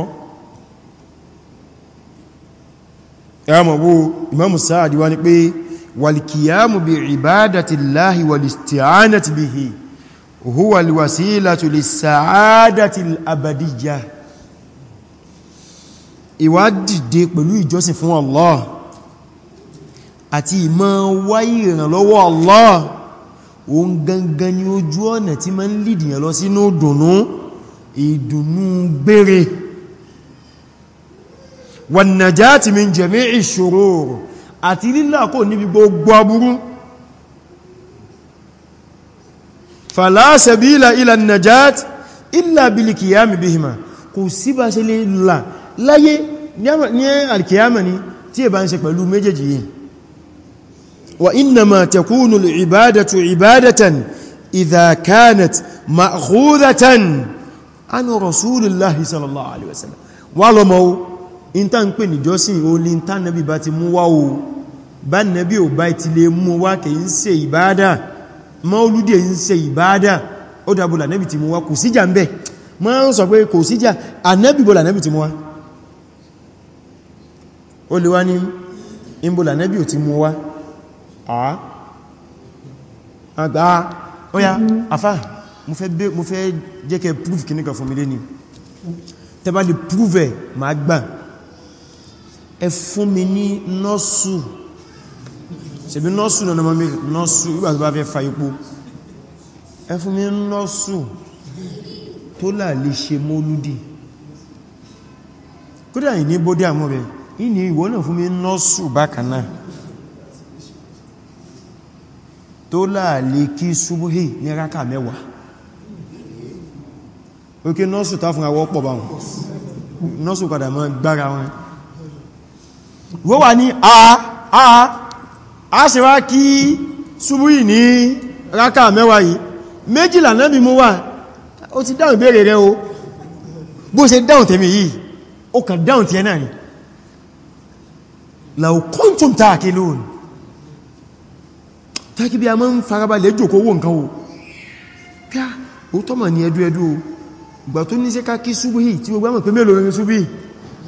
ẹmọ̀ wo Imam Sa'adi wá ní pé wal-qiyamu bi'ibadatillahi wal-isti'anati bihi huwa al-wasilatu lis-sa'adati al-abadiyyah ìwà dìde pẹ̀lú ìjọsìn fún Allah àti ìmọ̀ wá ìrànlọ́wọ́ Allah òun gangan ni ojú ọ̀nà tí ma ń lìdìyàn lọ sínú ìdùnnú ìdùnnú gbére wan najati min jami'i shurur àti lílà kò níbi gbogbo aburú fala sabila ila najat illa bil qiyam bihima kò sí bá ṣe lè là láyé ní alkiyama ni tí è bá ń ṣe pẹ̀lú méjèèjì yìí wa innama takunu al-ibadatu ibadatan idha kanat ma'khudatan an rasulillahi sallallahu alaihi wasallam wa lamaw ìntà ń pè níjọ́sìn o ní ìntà nẹ́bí bá ti mú wá o bá nẹ́bí ò bá ti lè mú wá kì ń ṣe ìbáadà maulúdé ń ṣe ìbáadà ó dábòlà nẹ́bí ti mú wá kò síjà ń bẹ̀ ma ń sọ pé kò síjà ànẹ́bí bòlà nẹ́bí ti mú wá ó lè wá ní ìbòlà nẹ́bí ò ti mú wá àgbà ó yá mo fẹ́ jẹ́ kẹ́ proof fún mi lé ni tẹ́bá lè prove ẹ̀ ma gbà ẹ fún mi ní nọ́sù ṣebí nọ́sù náà mọ́ mẹ́rin nọ́sù ìgbà tó bá fẹ́ fa ipò ẹ fún mi ní nọ́sù tó là lè ṣe mọ́lúdì kódà ìní bódé àmọ́ rẹ̀ ìní ìwọ náà fún mi ní nọ́sù bákan náà tó là lè kí súbúhì ní rákà mẹ́wàá ó kí nọ́sù tá fún àwọ́ pọ̀ bá wọn nọ́sù padà mọ́ gbára wọn wó wà ní a a a ṣe wá kí ṣubú yìí ní rákà mẹ́wàá yìí méjìlá náà bí mú wà ó ti dáhùn ìbéèrè rẹ o bó ṣe dáhùn tèmi yìí ó kàn dáhùn tí ẹ náà ni law kuntum ta'qilun tàkí bí a mọ́ ń farabalẹ̀ jòkó owó nǹkan o ká ó tọ́mọ̀ ní ẹdú ẹdú o gbà tó ní ṣe ká kí ṣubú yìí tí gbogbo àmọ̀ pé mélòó rin ṣubú yìí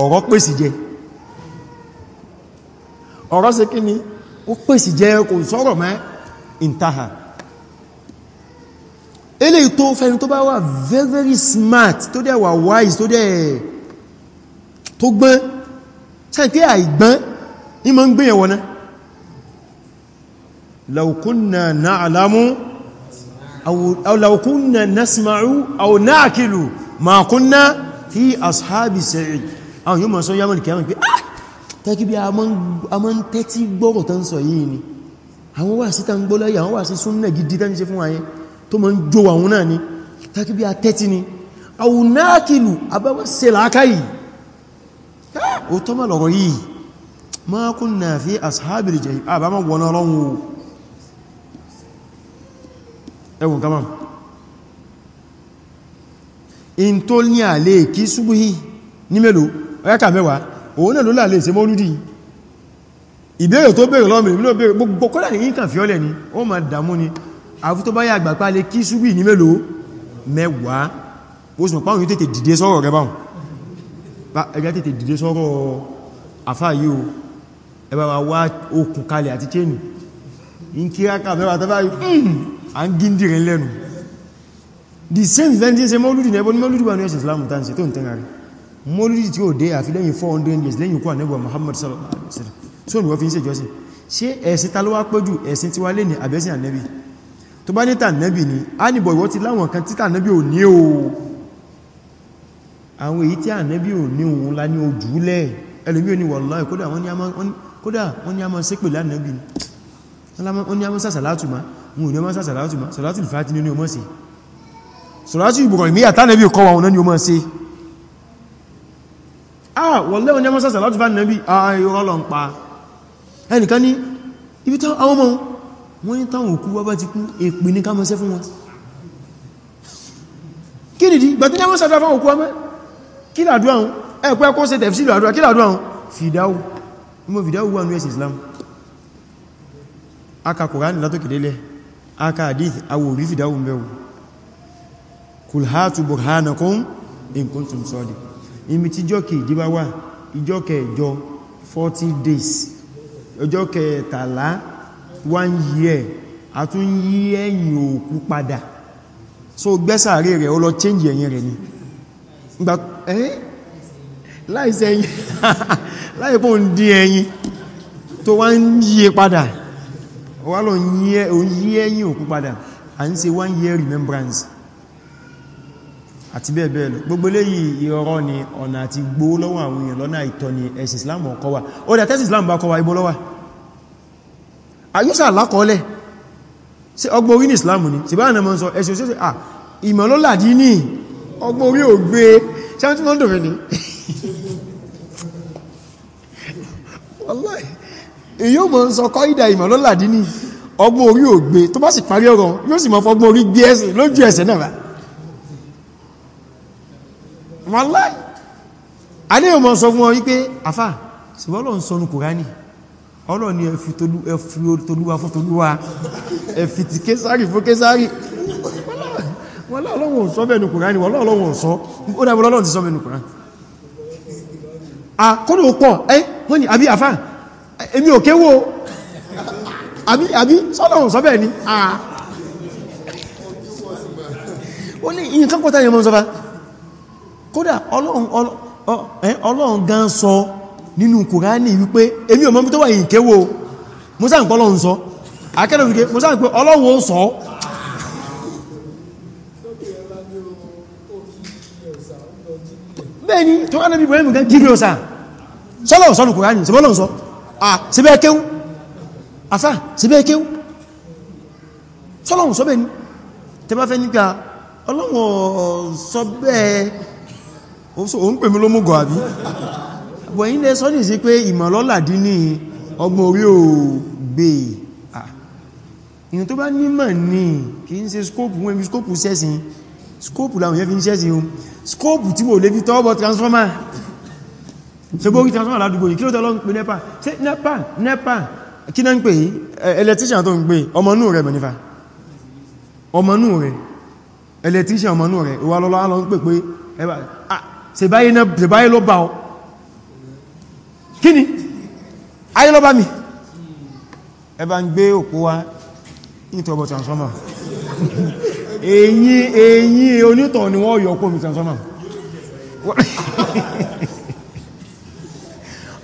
ọ̀rọ̀ pèsì jẹ ọ̀rọ̀ sí kí ni ó pèsì jẹ kò sọ́rọ̀ mẹ́ ìntaha ilé tó fẹ́ni tó bá wà very very smart tó dẹ̀ wà wise tó dẹ̀ tó gbọ́n ṣe pé àìgbọ́n ní mọ́ ń gbìyànwọ́ náà law kunna na'lamu aw law kunna nasma'u aw na'kilu ma àwọn yóò mọ̀ sọ yàmọ̀ ní kẹrìn pé ah tẹ́kí bí a mọ́ ń tẹ́tí gbọ́rọ̀ tán sọ yìí ni àwọn wà sí tàn gbọ́lá wà sí súnnà gidi tán ṣe fún ayé tó mọ́ ń jó àwọn náà ni tẹ́kí bí a tẹ́tí ni àwùnákìlù abẹ́wọ́ ma kunna fi ashabil jahim àbámọ́ wọnà ọlọ́run kama in tó ní àlè kí ọ̀yáka mẹ́wàá òun náà ló là lè ṣe mọ́lúdì ìbéèrè tó béèrè lọ́mìnì nínú ni ó ma ni àfi tó bá yà àgbàpá lè kí ṣúgbì ní mélòó mẹ́wàá ó sì mọ̀ páwọn yóò tètè dìde sọ́rọ̀ rẹ báwọn ẹgbẹ́ o ẹ bá wá okùn kalẹ̀ àti chénì in kíráka mẹ́wàá tó bá rí hmm, à ń gíndì rẹ̀ lẹ́nu the same thing ṣe mọ́lúdì ní mọ́lúdì wà ní ẹ̀ṣẹ̀ Islam tán tó ń tẹ́ra rẹ̀ mọ́lìdì tí ó dé àfi lẹ́yìn 400 years lẹ́yìn ikú ànẹ́gbà Muhammad sallallahu alaihi wasallam so ni wọ́n fi ń ṣe ìjọsìn ṣe ẹ̀sìn ta ló wá pẹ́jù ẹ̀sìn tí wá lè ní àbẹ́sìn ànẹ́bì tó bá níta ànẹ́bì ni a nìbọ̀ ìwọ́ ti láwọn kan títà ànẹ́bì ò ní o àwọn èyí tí ànẹ́bì ò ní òun lá ní ojúlẹ̀ ẹlòmí ò ní wallahi kódà wọ́n ní a máa ṣépè lánàbì ni wọ́n ní a máa sàṣàlátù ma wọn ò ní a máa sàṣàlátù ma sàlátù ìfàtí ni ó mọ́ sí sàlátù ìbùkọ̀ ìmíyà tánàbì kọwàá wọn ni ó mọ́ sí ah wọ́n lẹ́wọ́n jẹ́ mọ́sàsà láti bá nẹ́bí ayọ́rọ́ ah, lọ ń pa ẹnìkan ní ibi tán àwọn ọmọ wọ́n ní táwọn òkú wọ́n bá ti kú èpè ní ká mọ́sẹ́ fún wọn kí nìdí gbẹ̀tí jẹ́ mọ́sàsà fún òkú ọmọ kí làdúrà wọn ẹ̀kọ́ ẹ̀kọ́ ṣe tẹ̀fì sí làdúrà kí làdúrà wọn fìdáwù mọ́ fìdáwù wà ní ẹ̀sì Islam aka Kùránì látòkèdélẹ̀ aka hadith awò orí fìdáwù mẹ́wù kùlhátù burhanakum in kuntum sadiq imi tí jọ́ kejì bá wà ìjọ́ kẹjọ 40 days ọjọ́ kẹtàlá one year a tún yí ẹ̀yìn òkú padà so gbẹ́sàárè rẹ̀ ó lọ change ẹ̀yìn rẹ̀ ni ìgbà ẹ́ láìsẹ̀ ẹ̀yìn láìpọ̀ ń dí ẹ̀yìn tó wá ń yíye padà wá lọ yí ẹ̀yìn òkú padà à ń ṣe one year remembrance àti bẹ́ẹ̀ bẹ́ẹ̀ lọ gbogbo léyìí ìrọ́ ni ọ̀nà àti gbó lọ́wọ́ àwọn èèyàn lọ́nà ìtọ́ ni ẹ̀sìn Islam ọkọ́ wa ó dá tẹ́sì Islam bá kọ́ wa ibo lọ́wà ayúsà lákọọ́lẹ̀ sí ọgbọ̀ orí ní Islam ni sí bá nàmọ́ sọ ẹ̀sìn òṣèṣẹ́ à ìmọ̀lọ́làdí ní ọgbọ̀ orí ò gbé 1700 rẹ̀ ni wallahi èyí mọ̀ ń sọ kọ́ ìdá ìmọ̀lọ́làdí ní ọgbọ̀ orí ò gbé tó bá sì parí ọ̀rọ̀ yóò wallahi alé yóò mọ́ sọ fún wọn wípé àfà ṣìwọ́lọ́ ń sọnù kòránì ọlọ́ ni ẹfi tolúwa fún tolúwa ẹfi ti késàrì fún késàrì wọ́n lọ́wọ́n sọ bẹ́ẹ̀ nù kòránì wọ́n lọ́wọ́n sọ ó dábọ́ lọ́wọ́n ti sọ bẹ́ẹ̀ nù kòránì àkọ́nù pọ̀ ẹ́ wọ́n ni àbí àfà èmi ò kéwò àbí àbí sọ́lọ́wọ́n sọ bẹ́ẹ̀ ni kódà ọlọ́run gan sọ nínú kòránì wípé èmi ọmọ tó wà yìí kéwò musa ń pọ́lọ́run sọ akẹ́lẹ̀ wípé musa ń pẹ́ ọlọ́run ó sọ bẹ́ẹ̀ni tó wá náà Ibrahim gan gírí ọ̀sá sọ́lọ̀ sọ́lù ah síbẹ̀ kéwù afá síbẹ̀ kéwù sọ́lọ́run sọ bẹ́ẹ̀ni tẹ bá fẹ́ nígbà ọlọ́run sọ bẹ́ẹ̀ ó ń pè mí ló mú gọ̀ àbí bọ̀ ilẹ̀ sọ́nì sí pé ìmọ̀lọ́làdí ní ọgbọ̀n orí ò gbé ìyàn tó bá nímọ̀ ní kí n ṣe skóòpù wọ́n ibi skóòpù sẹ́sìn skóòpù láwọn yẹ́ fi ń sẹ́sìn ohun skóòpù tí mo lè fi tọ́ọ̀bọ̀ transformer ṣe bó rí transformer ládùgbò yìí kí Se ba bá ọ kí ni ayé ló bá mi ẹba ń gbé òkú wá nítọ̀bọ̀ transformer èyí èyí onítọ̀ ni wọ́n yọ òkú mi transformer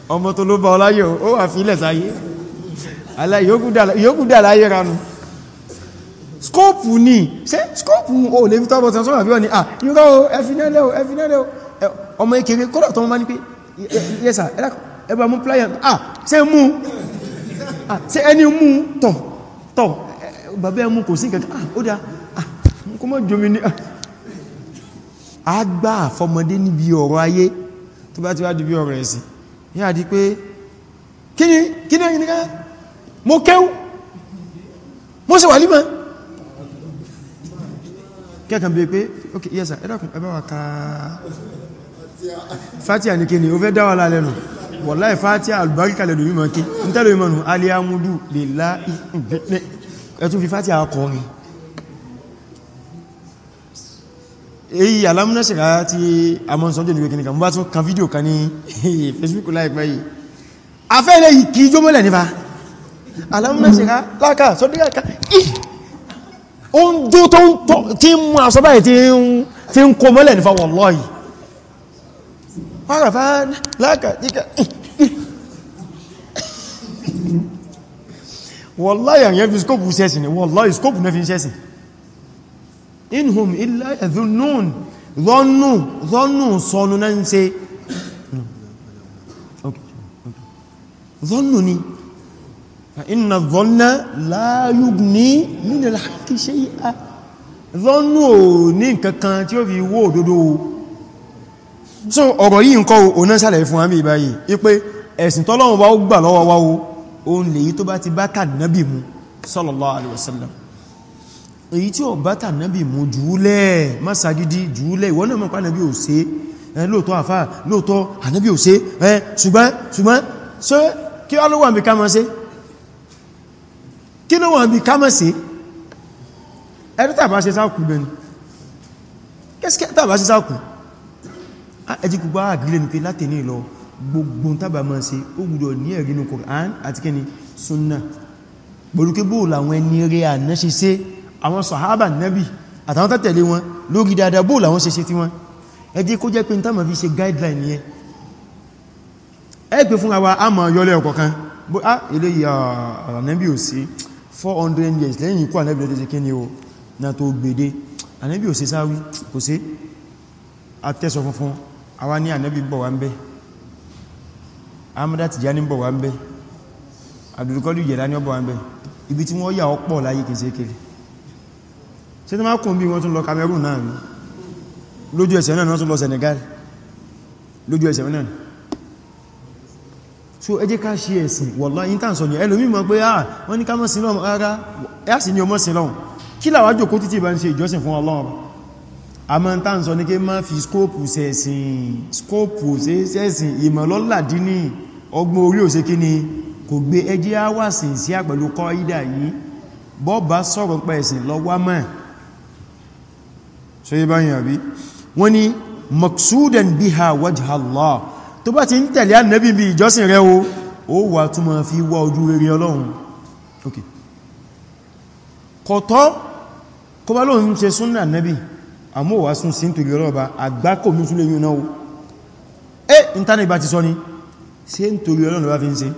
ọmọ tó ló bá ọláyọ̀ ó wà fílẹ̀ sáyé yóò dà láyé ránú skóòpù ní ṣe skóòpù o lè fi tọ́bọ̀ transformer bí wọ́n ni ah yíká o ẹfinẹ́lẹ́ o ẹfinẹ́lẹ́ o ọmọ ekere kọ́dọ̀ tó mọ́ bá ní pé yẹ́sà ẹbà mú pláyàn ah ṣe mú ah ṣe ẹni mú tọ̀ tọ̀ bàbá ẹmú kò sí kankan ah ó dá ah kó mọ́ jomi ní ah gbá àfọmọdé níbi ọ̀rọ̀ ayé tó bá ti wá dìbí ọ̀rọ̀ ẹ̀sìn ní àdí pé kíni kíni ẹni ká mo kéw mo sì wà límọ̀ kẹ́kàn bí pé ok yẹ́sà ẹ̀dàkùn ẹbá wà káà fatiha ní kíni ó fẹ́ dáwà lálẹ́nu wallahi fatiha albarika lẹ́lú mímọ̀ kí n tẹ́lú ìmọ̀nù aliamudu lè lá ẹ̀tún fi fatiha kọrin èyí alámúnẹ́sẹ̀ká tí a mọ́ sọ́jọ́ ní wékìníkà mú bá tún kan fídíò kan ní Facebook láìpẹ́ yìí afẹ́lẹ̀ yìí kí jó mọ́lẹ̀ nípa alámúnẹ́sẹ̀ká láàkà sọ́dọ́gàkà ó ń jó tó ń tọ́ tí mú àsọ́báyì tí ń kó mọ́lẹ̀ nípa wallahi عرفان لك ديك والله يعني في سكوب وساسن والله سكوب نفي ساسن إنهم إلا يظنون ظنوا ظنوا صننا نسي ظنني فإن الظن لا يبني من الحق شيئا ظنوا نين ككانت يوفي وودو so ọ̀rọ̀ yìí nǹkan ò náà sàlẹ̀ fún àmì ìbáyìí ipé ẹ̀sìn tọ́lọ́run wa ó gbà lọ́wọ́ wa ó òun lèyí tó bá ti bá tànábì mu sallallahu alaihi wasallam èyí tí ó mu jùúlẹ̀ masagidi jùúlẹ̀ ìwọ́n náà mọ́ pànábì ò ṣe ẹ lóòtọ́ àfá lóòtọ́ ànábì ò ṣe ẹ ṣùgbọ́n ṣùgbọ́n ṣe kí wá ló wà bí kámọ́ sí kí ló wà bí kámọ́ Ah, ẹjí gbogbo àgbílẹ̀ ní pé láti ní lọ gbogbo tàbà máa ṣe ó gbùdọ̀ ní ẹ̀rí ní Kùránì àti kẹni Sunnah pẹ̀lúkébò làwọn ẹni rẹ̀ àná ṣe ṣe àwọn sàhábà Nábì àtàwọn tàtẹ̀lé wọn lórí dáadáa bó làwọn ṣe ṣe tí wọn ẹjí kó jẹ́ pé n 400 years lẹ́yìn ikú Ànábì lọ́dẹ́ kí ni o na tó gbèdé Ànábì ò sí sáwí funfun àwa ní ànábì bọ̀ wá ń bẹ́ amúdá Tìjání bọ̀ wá ń bẹ́ àdúrúkọ́lù ìyẹ̀lá ní ọbọ̀ wá ń bẹ́ ibi tí wọ́n yà ọ́ pọ̀ láyé kèsèkèrè ṣe tó má kùn bí wọ́n tún lọ Cameroon náà rí lójú ẹsẹ̀ náà tún lọ Senegal lójú ẹsẹ̀ náà so ẹ jẹ́ ká ṣe ẹ̀sìn wọ̀lá intanso ni ẹlòmí mọ̀ pé ah wọ́n ní ká mọ́ sí lọ́wọ́ rárá ẹ́ sì ni ọmọ sí lọ́wọ́ kí làwájò kó títí bá ń ṣe a ma ń tàn sọ ní kí má fi skóòpù sẹ́ẹ̀sìn skóòpù sẹ́ẹ̀sìn ìmọ̀lọ́làdí ní ọgbọ́n orí òsè kí ni kò gbé ẹjẹ́ á wà sìn sí àpẹ̀lú kọ́ ìdà yìí bọ́ọ̀bá sọ̀rọ̀ pẹ̀ ẹ̀sìn lọ́wọ́ mọ́ ṣe báyìí àbí wọ́n ni maksudan biha wajha Allah o ó wà tún ma fi wá ojú rere ọlọ́run kọ̀tọ́ kọbalóhun ṣe súnnà ànábì àmúwà sí sí nítorí ọlọ́ọ̀bá àgbákò mú túnlé yíò náà ó eh internet bá ti sọ ní sí nítorí ọlọ́ọ̀bá fi ń ṣe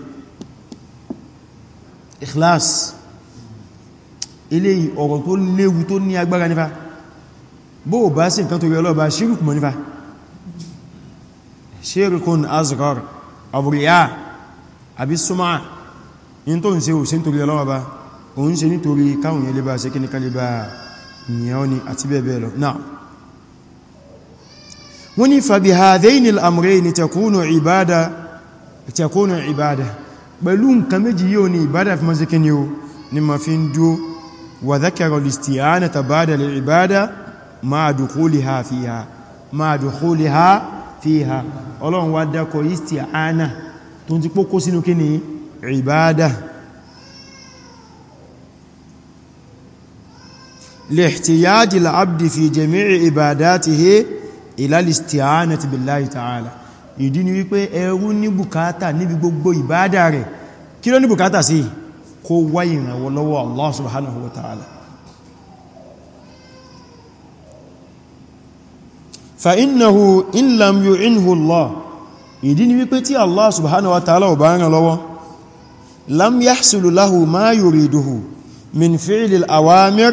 ikhlas eléyìí ọ̀rọ̀ tó léwu tó ní agbára nífà bó bá sí nǹkan torí ọlọ́ọ̀bá ṣírùkù nífà ṣírùkùn azgar àbúrìyà àbí súnmọ́ in tó ń ṣe ò sí nítorí ọlọ́ọ̀bá òun ṣe ìyẹn ni àti bẹ́ẹ̀bẹ́ẹ̀ lọ náà wọ́n ní fàbí hadhainil amrayni takunu ìbádà takunu ìbádà pẹ̀lú nǹkan méjì yíò ni ìbádà fi mọ́sí kíni o ni ma fi ń dúó wà zákẹ̀rọ lìstìyàna tàbádà lè ìbádà máa لاحتياج العبد في جميع عباداته إلى الاستعانة بالله تعالى ìdí ni wípé ẹrú ní bùkátà níbi gbogbo ìbádà rẹ̀ kí ló ní bùkátà sí kó wá ìrànwọ́ lọ́wọ́ Allah subhanahu wa ta'ala fa innahu in lam yu'inhu Allah ìdí ni wípé tí Allah subhanahu wa ta'ala ò bá ràn lọ́wọ́ lam yahsulu lahu ma yuriduhu min fi'lil awamir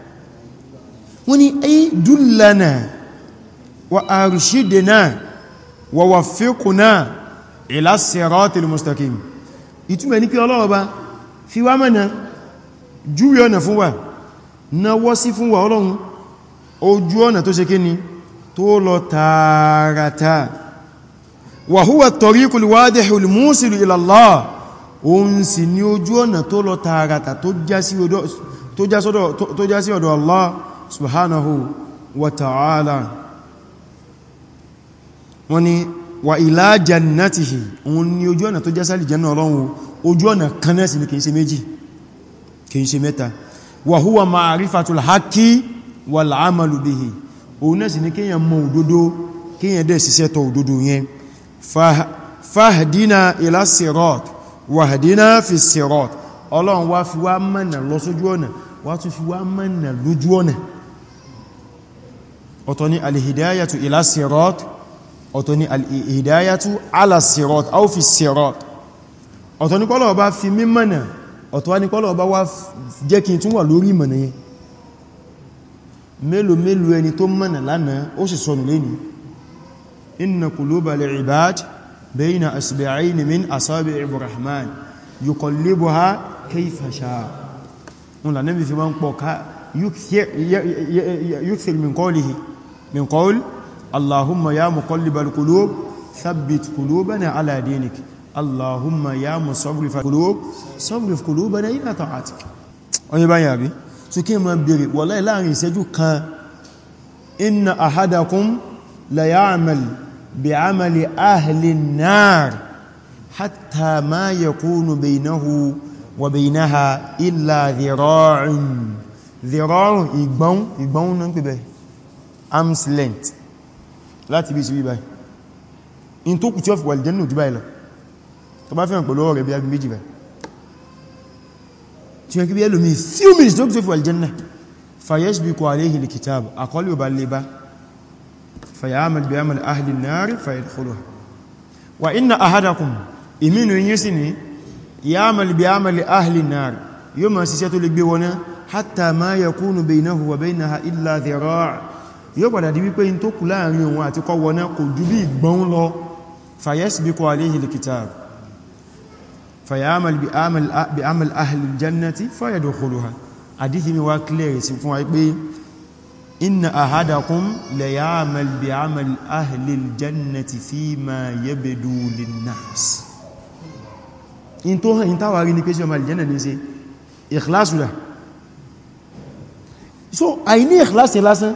wọ́n ni ay dullana wa arshidna wa waffiqna ila siratil mustaqim ìtumọ̀ ní pé Ọlọ́run Ọba fi wá mọ̀nà júwe ọ̀nà fún wa náwọ́ sí fún wa Ọlọ́run ojú ọ̀nà tó ṣe kí ni tó lọ tààràtà wa huwa at-tariqul wadihul Allah subhanahu wa ta'ala wọ́n ni wa ila jannatihi òun ni ojú ọ̀nà tó jásálì jẹ́ náà lọ́wọ́ ojú ọ̀nà kanẹ́sì ni kìí ṣe méjì kìí ṣe mẹ́ta wa huwa ma'rifatul haqqi wal amalu bihi òun náà sì ni kíyàn mọ òdodo kíyàn dẹ̀ síṣẹ́ tọ òdodo yẹn fahdina ila sirat wahdina fi sirat ọlọ́run wá fi wá mọ̀nà lọ sójú ọ̀nà wá tún fi wá mọ̀nà lójú ọ̀nà ọ̀tọ̀ ni alhidayatu ila sirat ọ̀tọ̀ ni alhidayatu ala sirat aw fi sirat ọ̀tọ̀ ni pọ́lọ̀ ọba fi mímọ̀nà ọ̀tọ̀ ni pọ́lọ̀ ọba wá jẹ́ kí n tún wà lórí ìmọ̀nà yẹn mélòó mélòó ẹni tó mọ̀nà lánàá ó sì sọnù lẹ́ni inna quluba al-ibad bayna asbi'ayn min asabi'i rahman yukthir min qawlihi من قول اللهم يا مقلب القلوب ثبت قلوبنا على دينك اللهم يا مصرف القلوب صرف قلوبنا إلى طاعتك oyin báyìí àbí tó kí ma bèèrè wọ́lá láàrin ìṣẹ́jú kan inna ahadakum la ya'mal bi 'amali ahli an-nar hatta ma yakunu baynahu wa baynaha illa dhira'un dhira'un ìgbọ́n ìgbọ́n náà pẹ̀bẹ̀ arms length láti bí síbí báyìí in tó kù tí ó fi wà lè jẹ́nà òjúbáyìí lọ tó bá fẹ́ràn pẹ̀lú ọ̀rẹ́ bí agbí méjì báyìí tí ó kí bí ẹlòmí few minutes tó kù tí ó fi wà lè jẹ́nà fayesh bí kò aléhì lè kìtàbù àkọlù ò yóò padà di wípé in tó kù láàrin òun àti kọ́ wọná kò ju bí ìgbọ́n lọ fayasbiqu alayhi al-kitab fayamal bi amal ahli al-jannati fayadkhuluha hadithi mi wá clear sí fún wa pé inna ahadakum la ya'mal bi amal so àìní ikhlasu lásán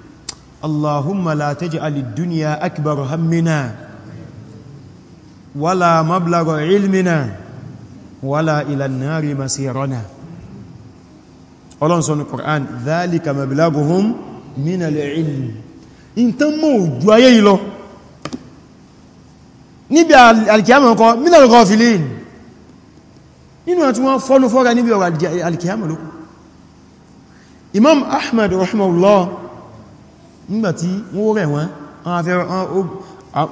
اللهم لا تجعل الدنيا أكبر همنا ولا مبلغ علمنا ولا إلى النار مسيرنا ọlọ́run sọ ní Qur'an dhalika mablaguhum min al-ilm in tán mọ́ òjú ayé yìí lọ níbi alkiyama kọ min al-ghafilin inú àti wọ́n fọ́nú fọ́ra níbi ọ̀rọ̀ alkiyama lókù Imam Ahmad rahimahullah nígbàtí wọ́n rẹ̀ wọ́n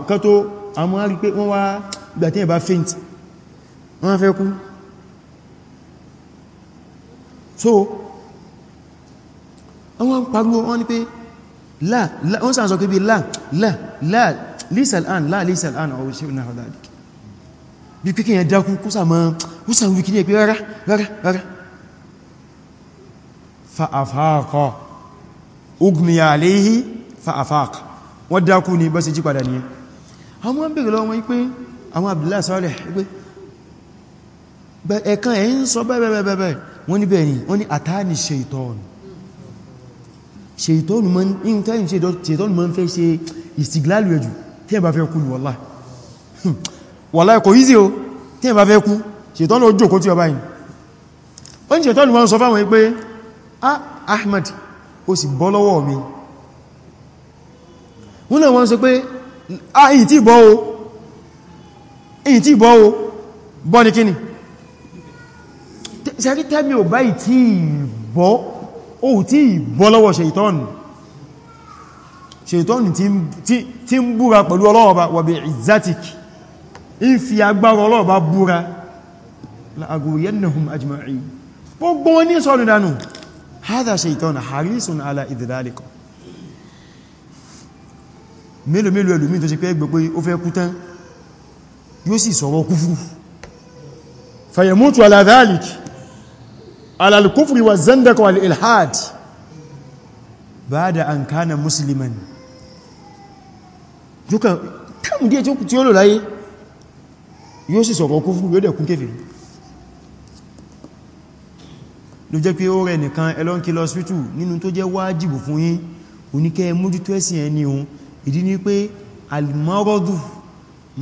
kọ́tó àmọ́ rí pé wọ́n wá gbàtí ẹ̀bá faint wọ́n fẹ́ kú so wọ́n pariwo wọ́n ni pé láà wọ́n sàn sọ pé bí láà láà láà lísàl àn láà lísàl àn ọ̀rọ̀ sí ìrìnà ọ̀dá bí pé kí yẹn dákú kó sàmọ́ ó sàn wikini pé rárá rárá rárá fa àfáàkọ́ ugmiya aléhì fa'afaq wọ́n dákú ní bá sí jí padà nìyẹn àwọn ń bèèrè lọ́wọ́ wípé àwọn Abdullahi Saleh wípé ẹ̀kan ẹ̀ ń sọ bẹ́ẹ̀bẹ́ẹ̀bẹ́ẹ̀ wọ́n ní bẹ́ẹ̀ wọ́n ní àtàní ṣeìtọ́nù ṣeìtọ́nù ma ní wọ́lá ah Ahmad ó sì bọ́ lọ́wọ́ mi wọ́n náà wọ́n sọ pé a ah, ìyìn tí bọ́ o ìyìn tí bọ́ o bọ́ ní kíni sẹ́rí tẹ́mi ò bá ìtí bọ́ o tí bọ́ lọ́wọ́ ṣètọ́nù ṣètọ́nù tí ń búra pẹ̀lú ọlọ́ọ̀bá wàbí ìzátìk ń fi agbára ọlọ́ọ̀bá búra la agoyennahum ajma'in gbogbo wọn ní sọ́nù hádà shaytan harisun ala ìdìdálẹ́kọ̀ mélòó mélòó ẹlòmí tó ṣe pé gbogbo ó fẹ́ kú tán yóò sì sọ̀rọ̀ kúfúrú fayamutu ala dhalik ala al-kufri wa zandaka wa al-ilhad ba'da an kana musliman yóò kàn tàmù díẹ̀ tí ó lò láyé yóò sì sọ̀rọ̀ kúfúrú yóò dẹ̀ kún kéfèé ló jẹ́ pé ó rẹ̀ nìkan ẹlọ́nkí lọ síwítù nínú tó jẹ́ wájìbù fún yín oníkẹ́ mójútó ẹ̀sìn ẹni ohun ìdí ni pé almaradu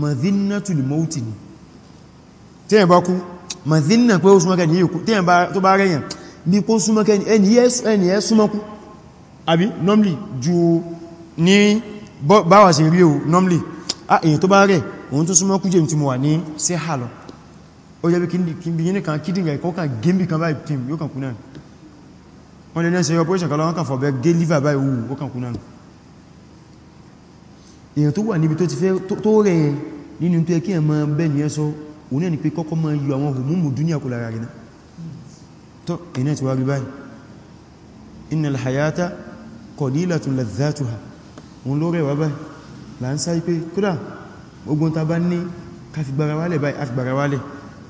madhinnatu limauti ni tíyàn bá kú madhinna pé ó súnmọ́kẹ́ ní ìkú tíyàn tó bá rẹ̀yàn ju ní báwà sí rí ah èyàn tó bá rẹ̀ òun tó súnmọ́kú jẹ́ ó jẹ́ bí kí bí yínì kan kídìnrẹ̀ ìkọ́ kan gẹ́mbì kan báyìí pìm yóò kàn kú náà wọ́n lè lẹ́sẹ̀ operation kan lọ́wọ́n kan fọ̀bẹ̀ gé liver báyìí wù kàn kú náà èyàn tó wà ogun ta ní káfìgbàra wálẹ̀ báyìí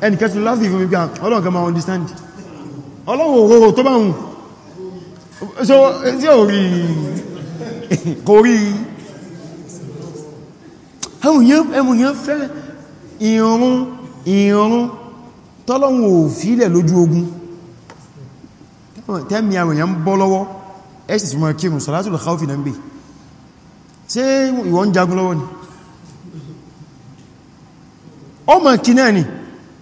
ẹnìkan ti láti fún mi pé ah, ọlọ́run kan máa understand ọlọ́run òhòrò tó bá hùn so tí ò rí kò rí ẹmùyàn fẹ́ ìrún ìrún tọ́lọ́run ò fílẹ̀ lójú ogun tẹ́mi àwòyàn bọ́ lọ́wọ́ ẹ̀sì tí wọ́n kírùn salatul khawfi náà ń gbé ṣe ìwọ̀n jagun lọ́wọ́ ni ọmọ kí náà ni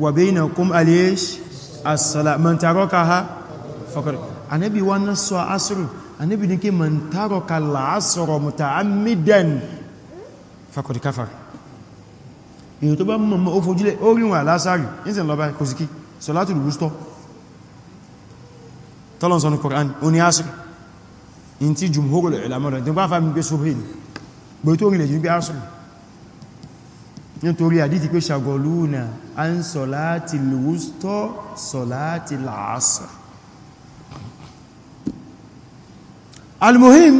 وبينكم اليش الصلاة من تركها فقد النبي ونص عصر النبي نكي من ترك العصر متعمدا فقد كفر èyí tó bá mọ̀ mọ̀ ó fojúlẹ̀ ó ríwọ̀n ní asìrì in tí jùmhóró lẹ̀ ìlàmọ́dọ̀ an sọ̀láti lùwústọ́ sọ̀láti làásà almuhim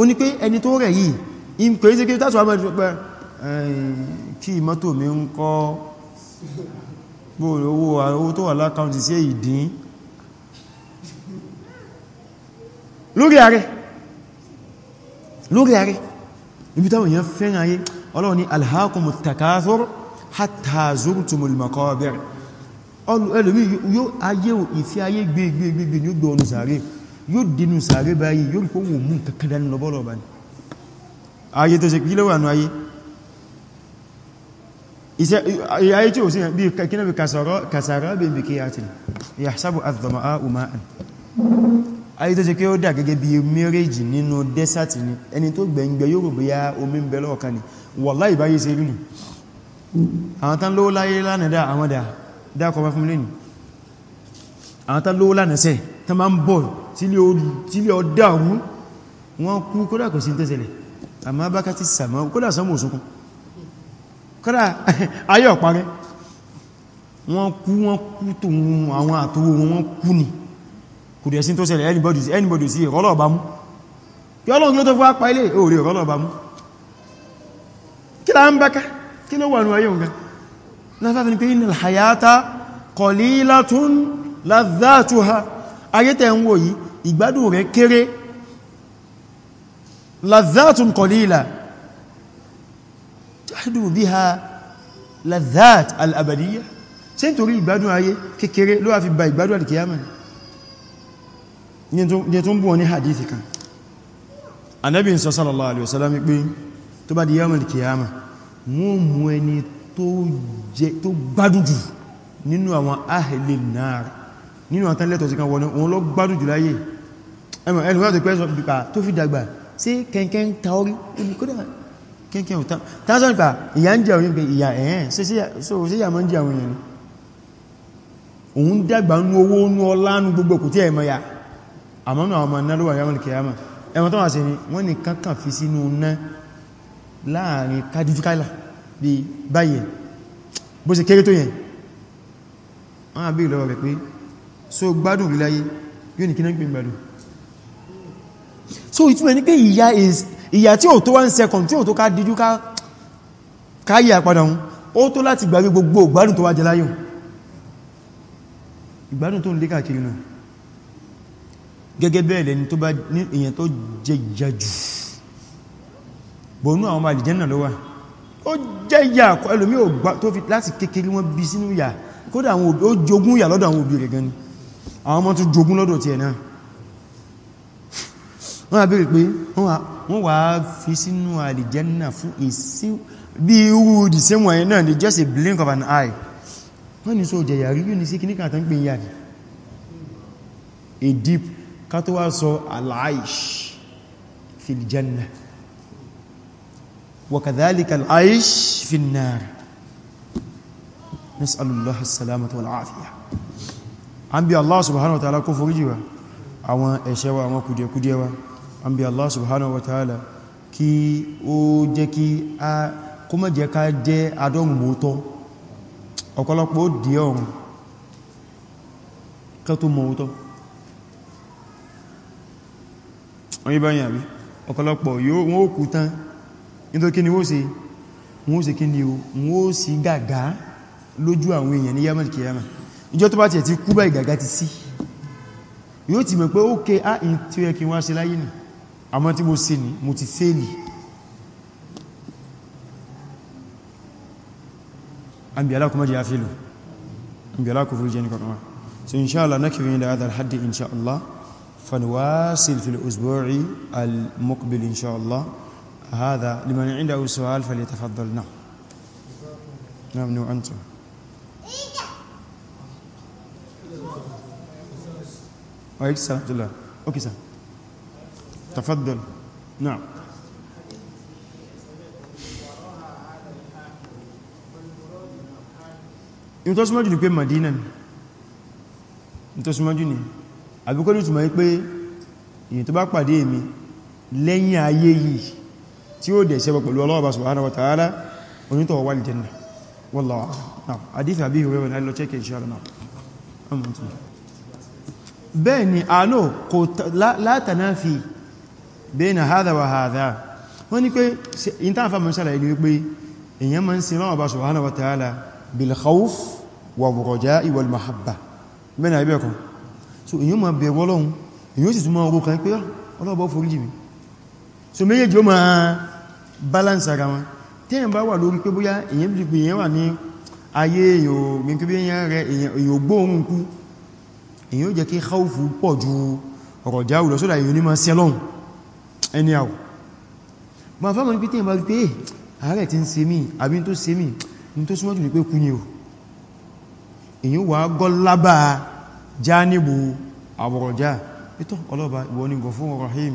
o ní pé ẹni tó rẹ̀ yìí in pè sí kí tàṣù àmà ìjọpẹ́ eh, kí mọ́tò mi ń kọ́ gbóòrò owó tó wà lákàntì sí ìdín lórí ààrẹ lórí ààrẹ ibi táwọn èèyàn fẹ́ràn ayé ọlọ́run ni alhaakumu takathur hatta zurtumul maqabir ẹlòmí yóò ayé ìfẹ́ ayé gbégbégbé ní gbọ́ ọ̀nà sàárè yóò dínú sàárè báyìí yóò rí kóhùn mú kankan lọ́bọ́lọ́ bá ní ayé tó ṣe pílẹ̀ wànú ayé ayé tí ó sí bí kíná bí kàsàrá bí bí kíyàtì yahsabu adh-dhama'u ma'an ayé tó ṣe kí ó dà gẹ́gẹ́ bí mẹ́rẹ́jì nínú dẹ́sàtì ni ẹni tó gbẹ̀ngbẹ̀ yóò rò bí ya omi ń bẹ lọ́ọ̀kan ni wallahi báyé ṣe rí nù àwọn tán lówó láyé lánàdá àwọn dà dákọ̀ bá fún lè ní àwọn tán lówó lánàṣẹ́ tán máa ń bọ̀ tílé ọdá ọ̀rún wọ́n kú kódà kò sí tẹ́sẹ̀lẹ̀ àmá bákà ti sàmọ́ kódà sọmọ̀ òsùnkún kódà ayé ọ̀parẹ́ wọ́n kú wọ́n kú tó àwọn àtòwò wọ́n kú ni kò dẹ̀ sí tó anybody sí ìrọ́lọ̀ bá mú kí ọlọ́run ló tó fún apá ilé òòrè ìrọ́lọ̀ bá mú kí la kí ló wà ní ayé òun gan látàtà ní pé inal hayata qalilatun ladhatuha ayé tẹ́ ń wò yìí ìgbádùn rẹ̀ kéré ladhatun qalila tahdu biha ladhat al-abadiyya ṣe nítorí ìgbádùn ayé kékeré ló wà fi ba ìgbádùn al-kiyama tó ń bú wọn ní wọ́n mú ẹni tó gbádùn jù nínú àwọn ahìlè náà nínú àtàn lẹ́tọ̀ sí kan wọ́n wọ́n lọ gbádùn jù láyé ẹmọ̀ ẹnu láti pẹ́ sọpípa tó fi dàgbà sí kẹ́kẹ́ ń ta orí olùkọ́dà kẹ́kẹ́ ò tán sọ́nà pa ìyà ń jẹ àwọn èèyàn ìyà ẹ̀ẹ́n sí ìyà mọ́ ń ya àmọ́nà àwọn ọmọ náà ló wà yàmọ̀ ni kankan fi sínú náà láàrin kájújúkáìlà bí báyìí bó ṣe kéré tó yẹn wọ́n á bí ìlọ́rọ̀ rẹ̀ pé so gbádùn ríláyé yóò ní kí náà gbìn gbádùn so ìtumọ̀ ní pé ìyà tí ò tó one second tí ò tó ká díjú káyà padà hun ó tó láti gbàgbé gbogbo ìgbádùn tó wá jẹ láyé ìgbádùn tó ń lé bọ̀nú àwọn ọmọ àlìjẹ́nà ló wà ó jẹ́ ìyà ẹlòmí ò gbà tó fi láti kékeré wọn bí sínú ìyà kódà àwọn ó jogún ìyà lọ́dọ̀ àwọn òbí rẹ̀ gan ni àwọn ọmọ tún jogún lọ́dọ̀ tiẹ̀ náà wọ́n àbẹ̀rẹ̀ pé wọ́n wà fi sínú àlìjẹ́nà fún ìsí bí irú ìdìsẹ́wọ̀n ẹ̀ náà ni just a blink of an eye wọ́n ni so jẹ̀yà rí ní sí kíníkà tán gbé ìyà ni a deep ká tó wá sọ al-aish fil jannah وكذلك العيش في النار نسأل الله السلامة والعافية an bí Allah subhanahu wa ta'ala kó foríjì wa àwọn ẹ̀ṣẹ̀ wa àwọn kùdíẹ̀kùdíẹ̀ wa an bí Allah subhanahu wa ta'ala kí ó jẹ́ kí a kó mọ́ jẹ́ ká jẹ́ adọ́rùn mọ́tọ́ ọ̀pọ̀lọpọ̀ dí ọ̀run ká tó mọ́tọ́ ọ̀yí báyìí àbí ọ̀pọ̀lọpọ̀ yóò wọ́n ó kú tán nítorí kí ni wó ṣe wó ṣe kí ni wó sí gàgá lójú àwọn èèyàn ní yamal kiyama ìjọ tó bá ti ẹ̀tí kú bá ìgàgá ti sí yóò ti mọ̀ pé ó ké á ìn tí ó yẹ kí wá ṣe láyé nì àmọ́ tí mo ṣe ní mo ti fẹ́lì فنواصل في الأسبوع المقبل إن شاء الله هذا لمن عنده سؤال فليتفضل نعم نعم نوع أنتم وعليك السلام ورحمة الله أوكي سلام تفضل نعم ní tó súnmọ́jú ní pé Madina ní tó súnmọ́jú ní àbíkọ́ ní túnmọ̀ yí pé èyí tó bá pàdé èmi lẹ́yìn ayé yìí tí ó dẹ̀ ṣẹbọ pẹ̀lú Ọlọ́run subhanahu wa ta'ala onítọ̀ wà lè jẹ́nà wallahu a'lam àdífà bí ìwé wọn lọ chẹ́kẹ̀ insha Allah bẹ́ẹ̀ ni àánú kò látànáfì bayna hadha wa hadha wọ́n ni pé ìntàfà mọ́ sára ìlú pé èyàn ma ń sin Ọlọ́run subhanahu wa ta'ala bil khawf wa raja'i wal mahabba bẹ́ẹ̀ ni àbẹ́ẹ̀kọ́ so èyàn ma bẹ̀rọ Ọlọ́run èyàn sì tún ma rú kan pé ah, Ọlọ́run bá forí jì mí so méjèèjì ó máa balance ara wọn téèyàn bá wà lórí pé bóyá èyàn bí pé èyàn wà ní ayé èyàn pé èyàn rẹ èyàn gbóòrùn kú èyàn ó jẹ́ kí khawfu pọ̀ ju ọ̀rọ̀ jáwù lọ sódà èyàn ní máa sẹ́ lọ́hùn ẹni àwọ̀ ma fáwọn ní pé téèyàn bá rí pé eh, ààrẹ ti ń ṣe mí àbí tó ṣe mí ní tó súnmọ́jù ní pé kú ni o èyàn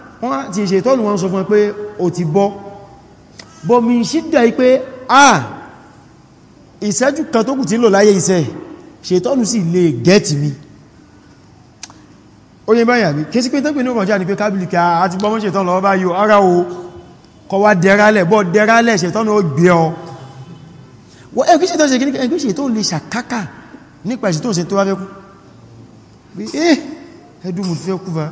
wọ́n ti ṣe ìtọ́nù wọn sọ fún pé o ti bọ́ bọ́mí ṣídà pé à ìṣẹ́jú kan tó kù tí ń lò láyé iṣẹ́ ṣètọ́nù sì lè gẹ́ẹ̀tì mi ó yẹ báyà bí kéṣí pé tó pè ní ọkànjá ní pé kábìlìkà àti gbọmọ́ ṣètọ́nù lọ bá yóò ara o kọ wá dẹ̀rálẹ̀ bọ́ dẹ̀rálẹ̀ ṣètọ́nù ó gbé ọ wọ́n ẹgbẹ́ ṣètọ́nù ṣe kíníkà ẹgbẹ́ ṣètọ́nù lè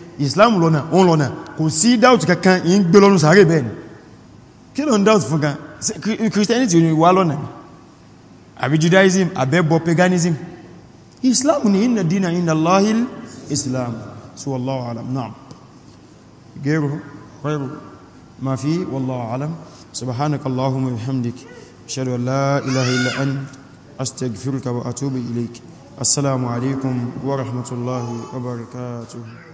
islam lọ́nà òun lọ́nà kò sí doubt kankan yí ń gbé lọ́nà sàárè bẹ́ẹ̀ ni kí ló ń doubt fún gan christianity ni wà lọ́nà ni àbí judaism àbẹ́bọ paganism islam ni inna dina inna allahil islam so wallahu alam na'am gairu gairu ma fi wallahu alam subhanaka allahumma wa bihamdik ashhadu an la ilaha illa ant astaghfiruka wa atubu ilayk assalamu alaikum wa rahmatullahi wa barakatuh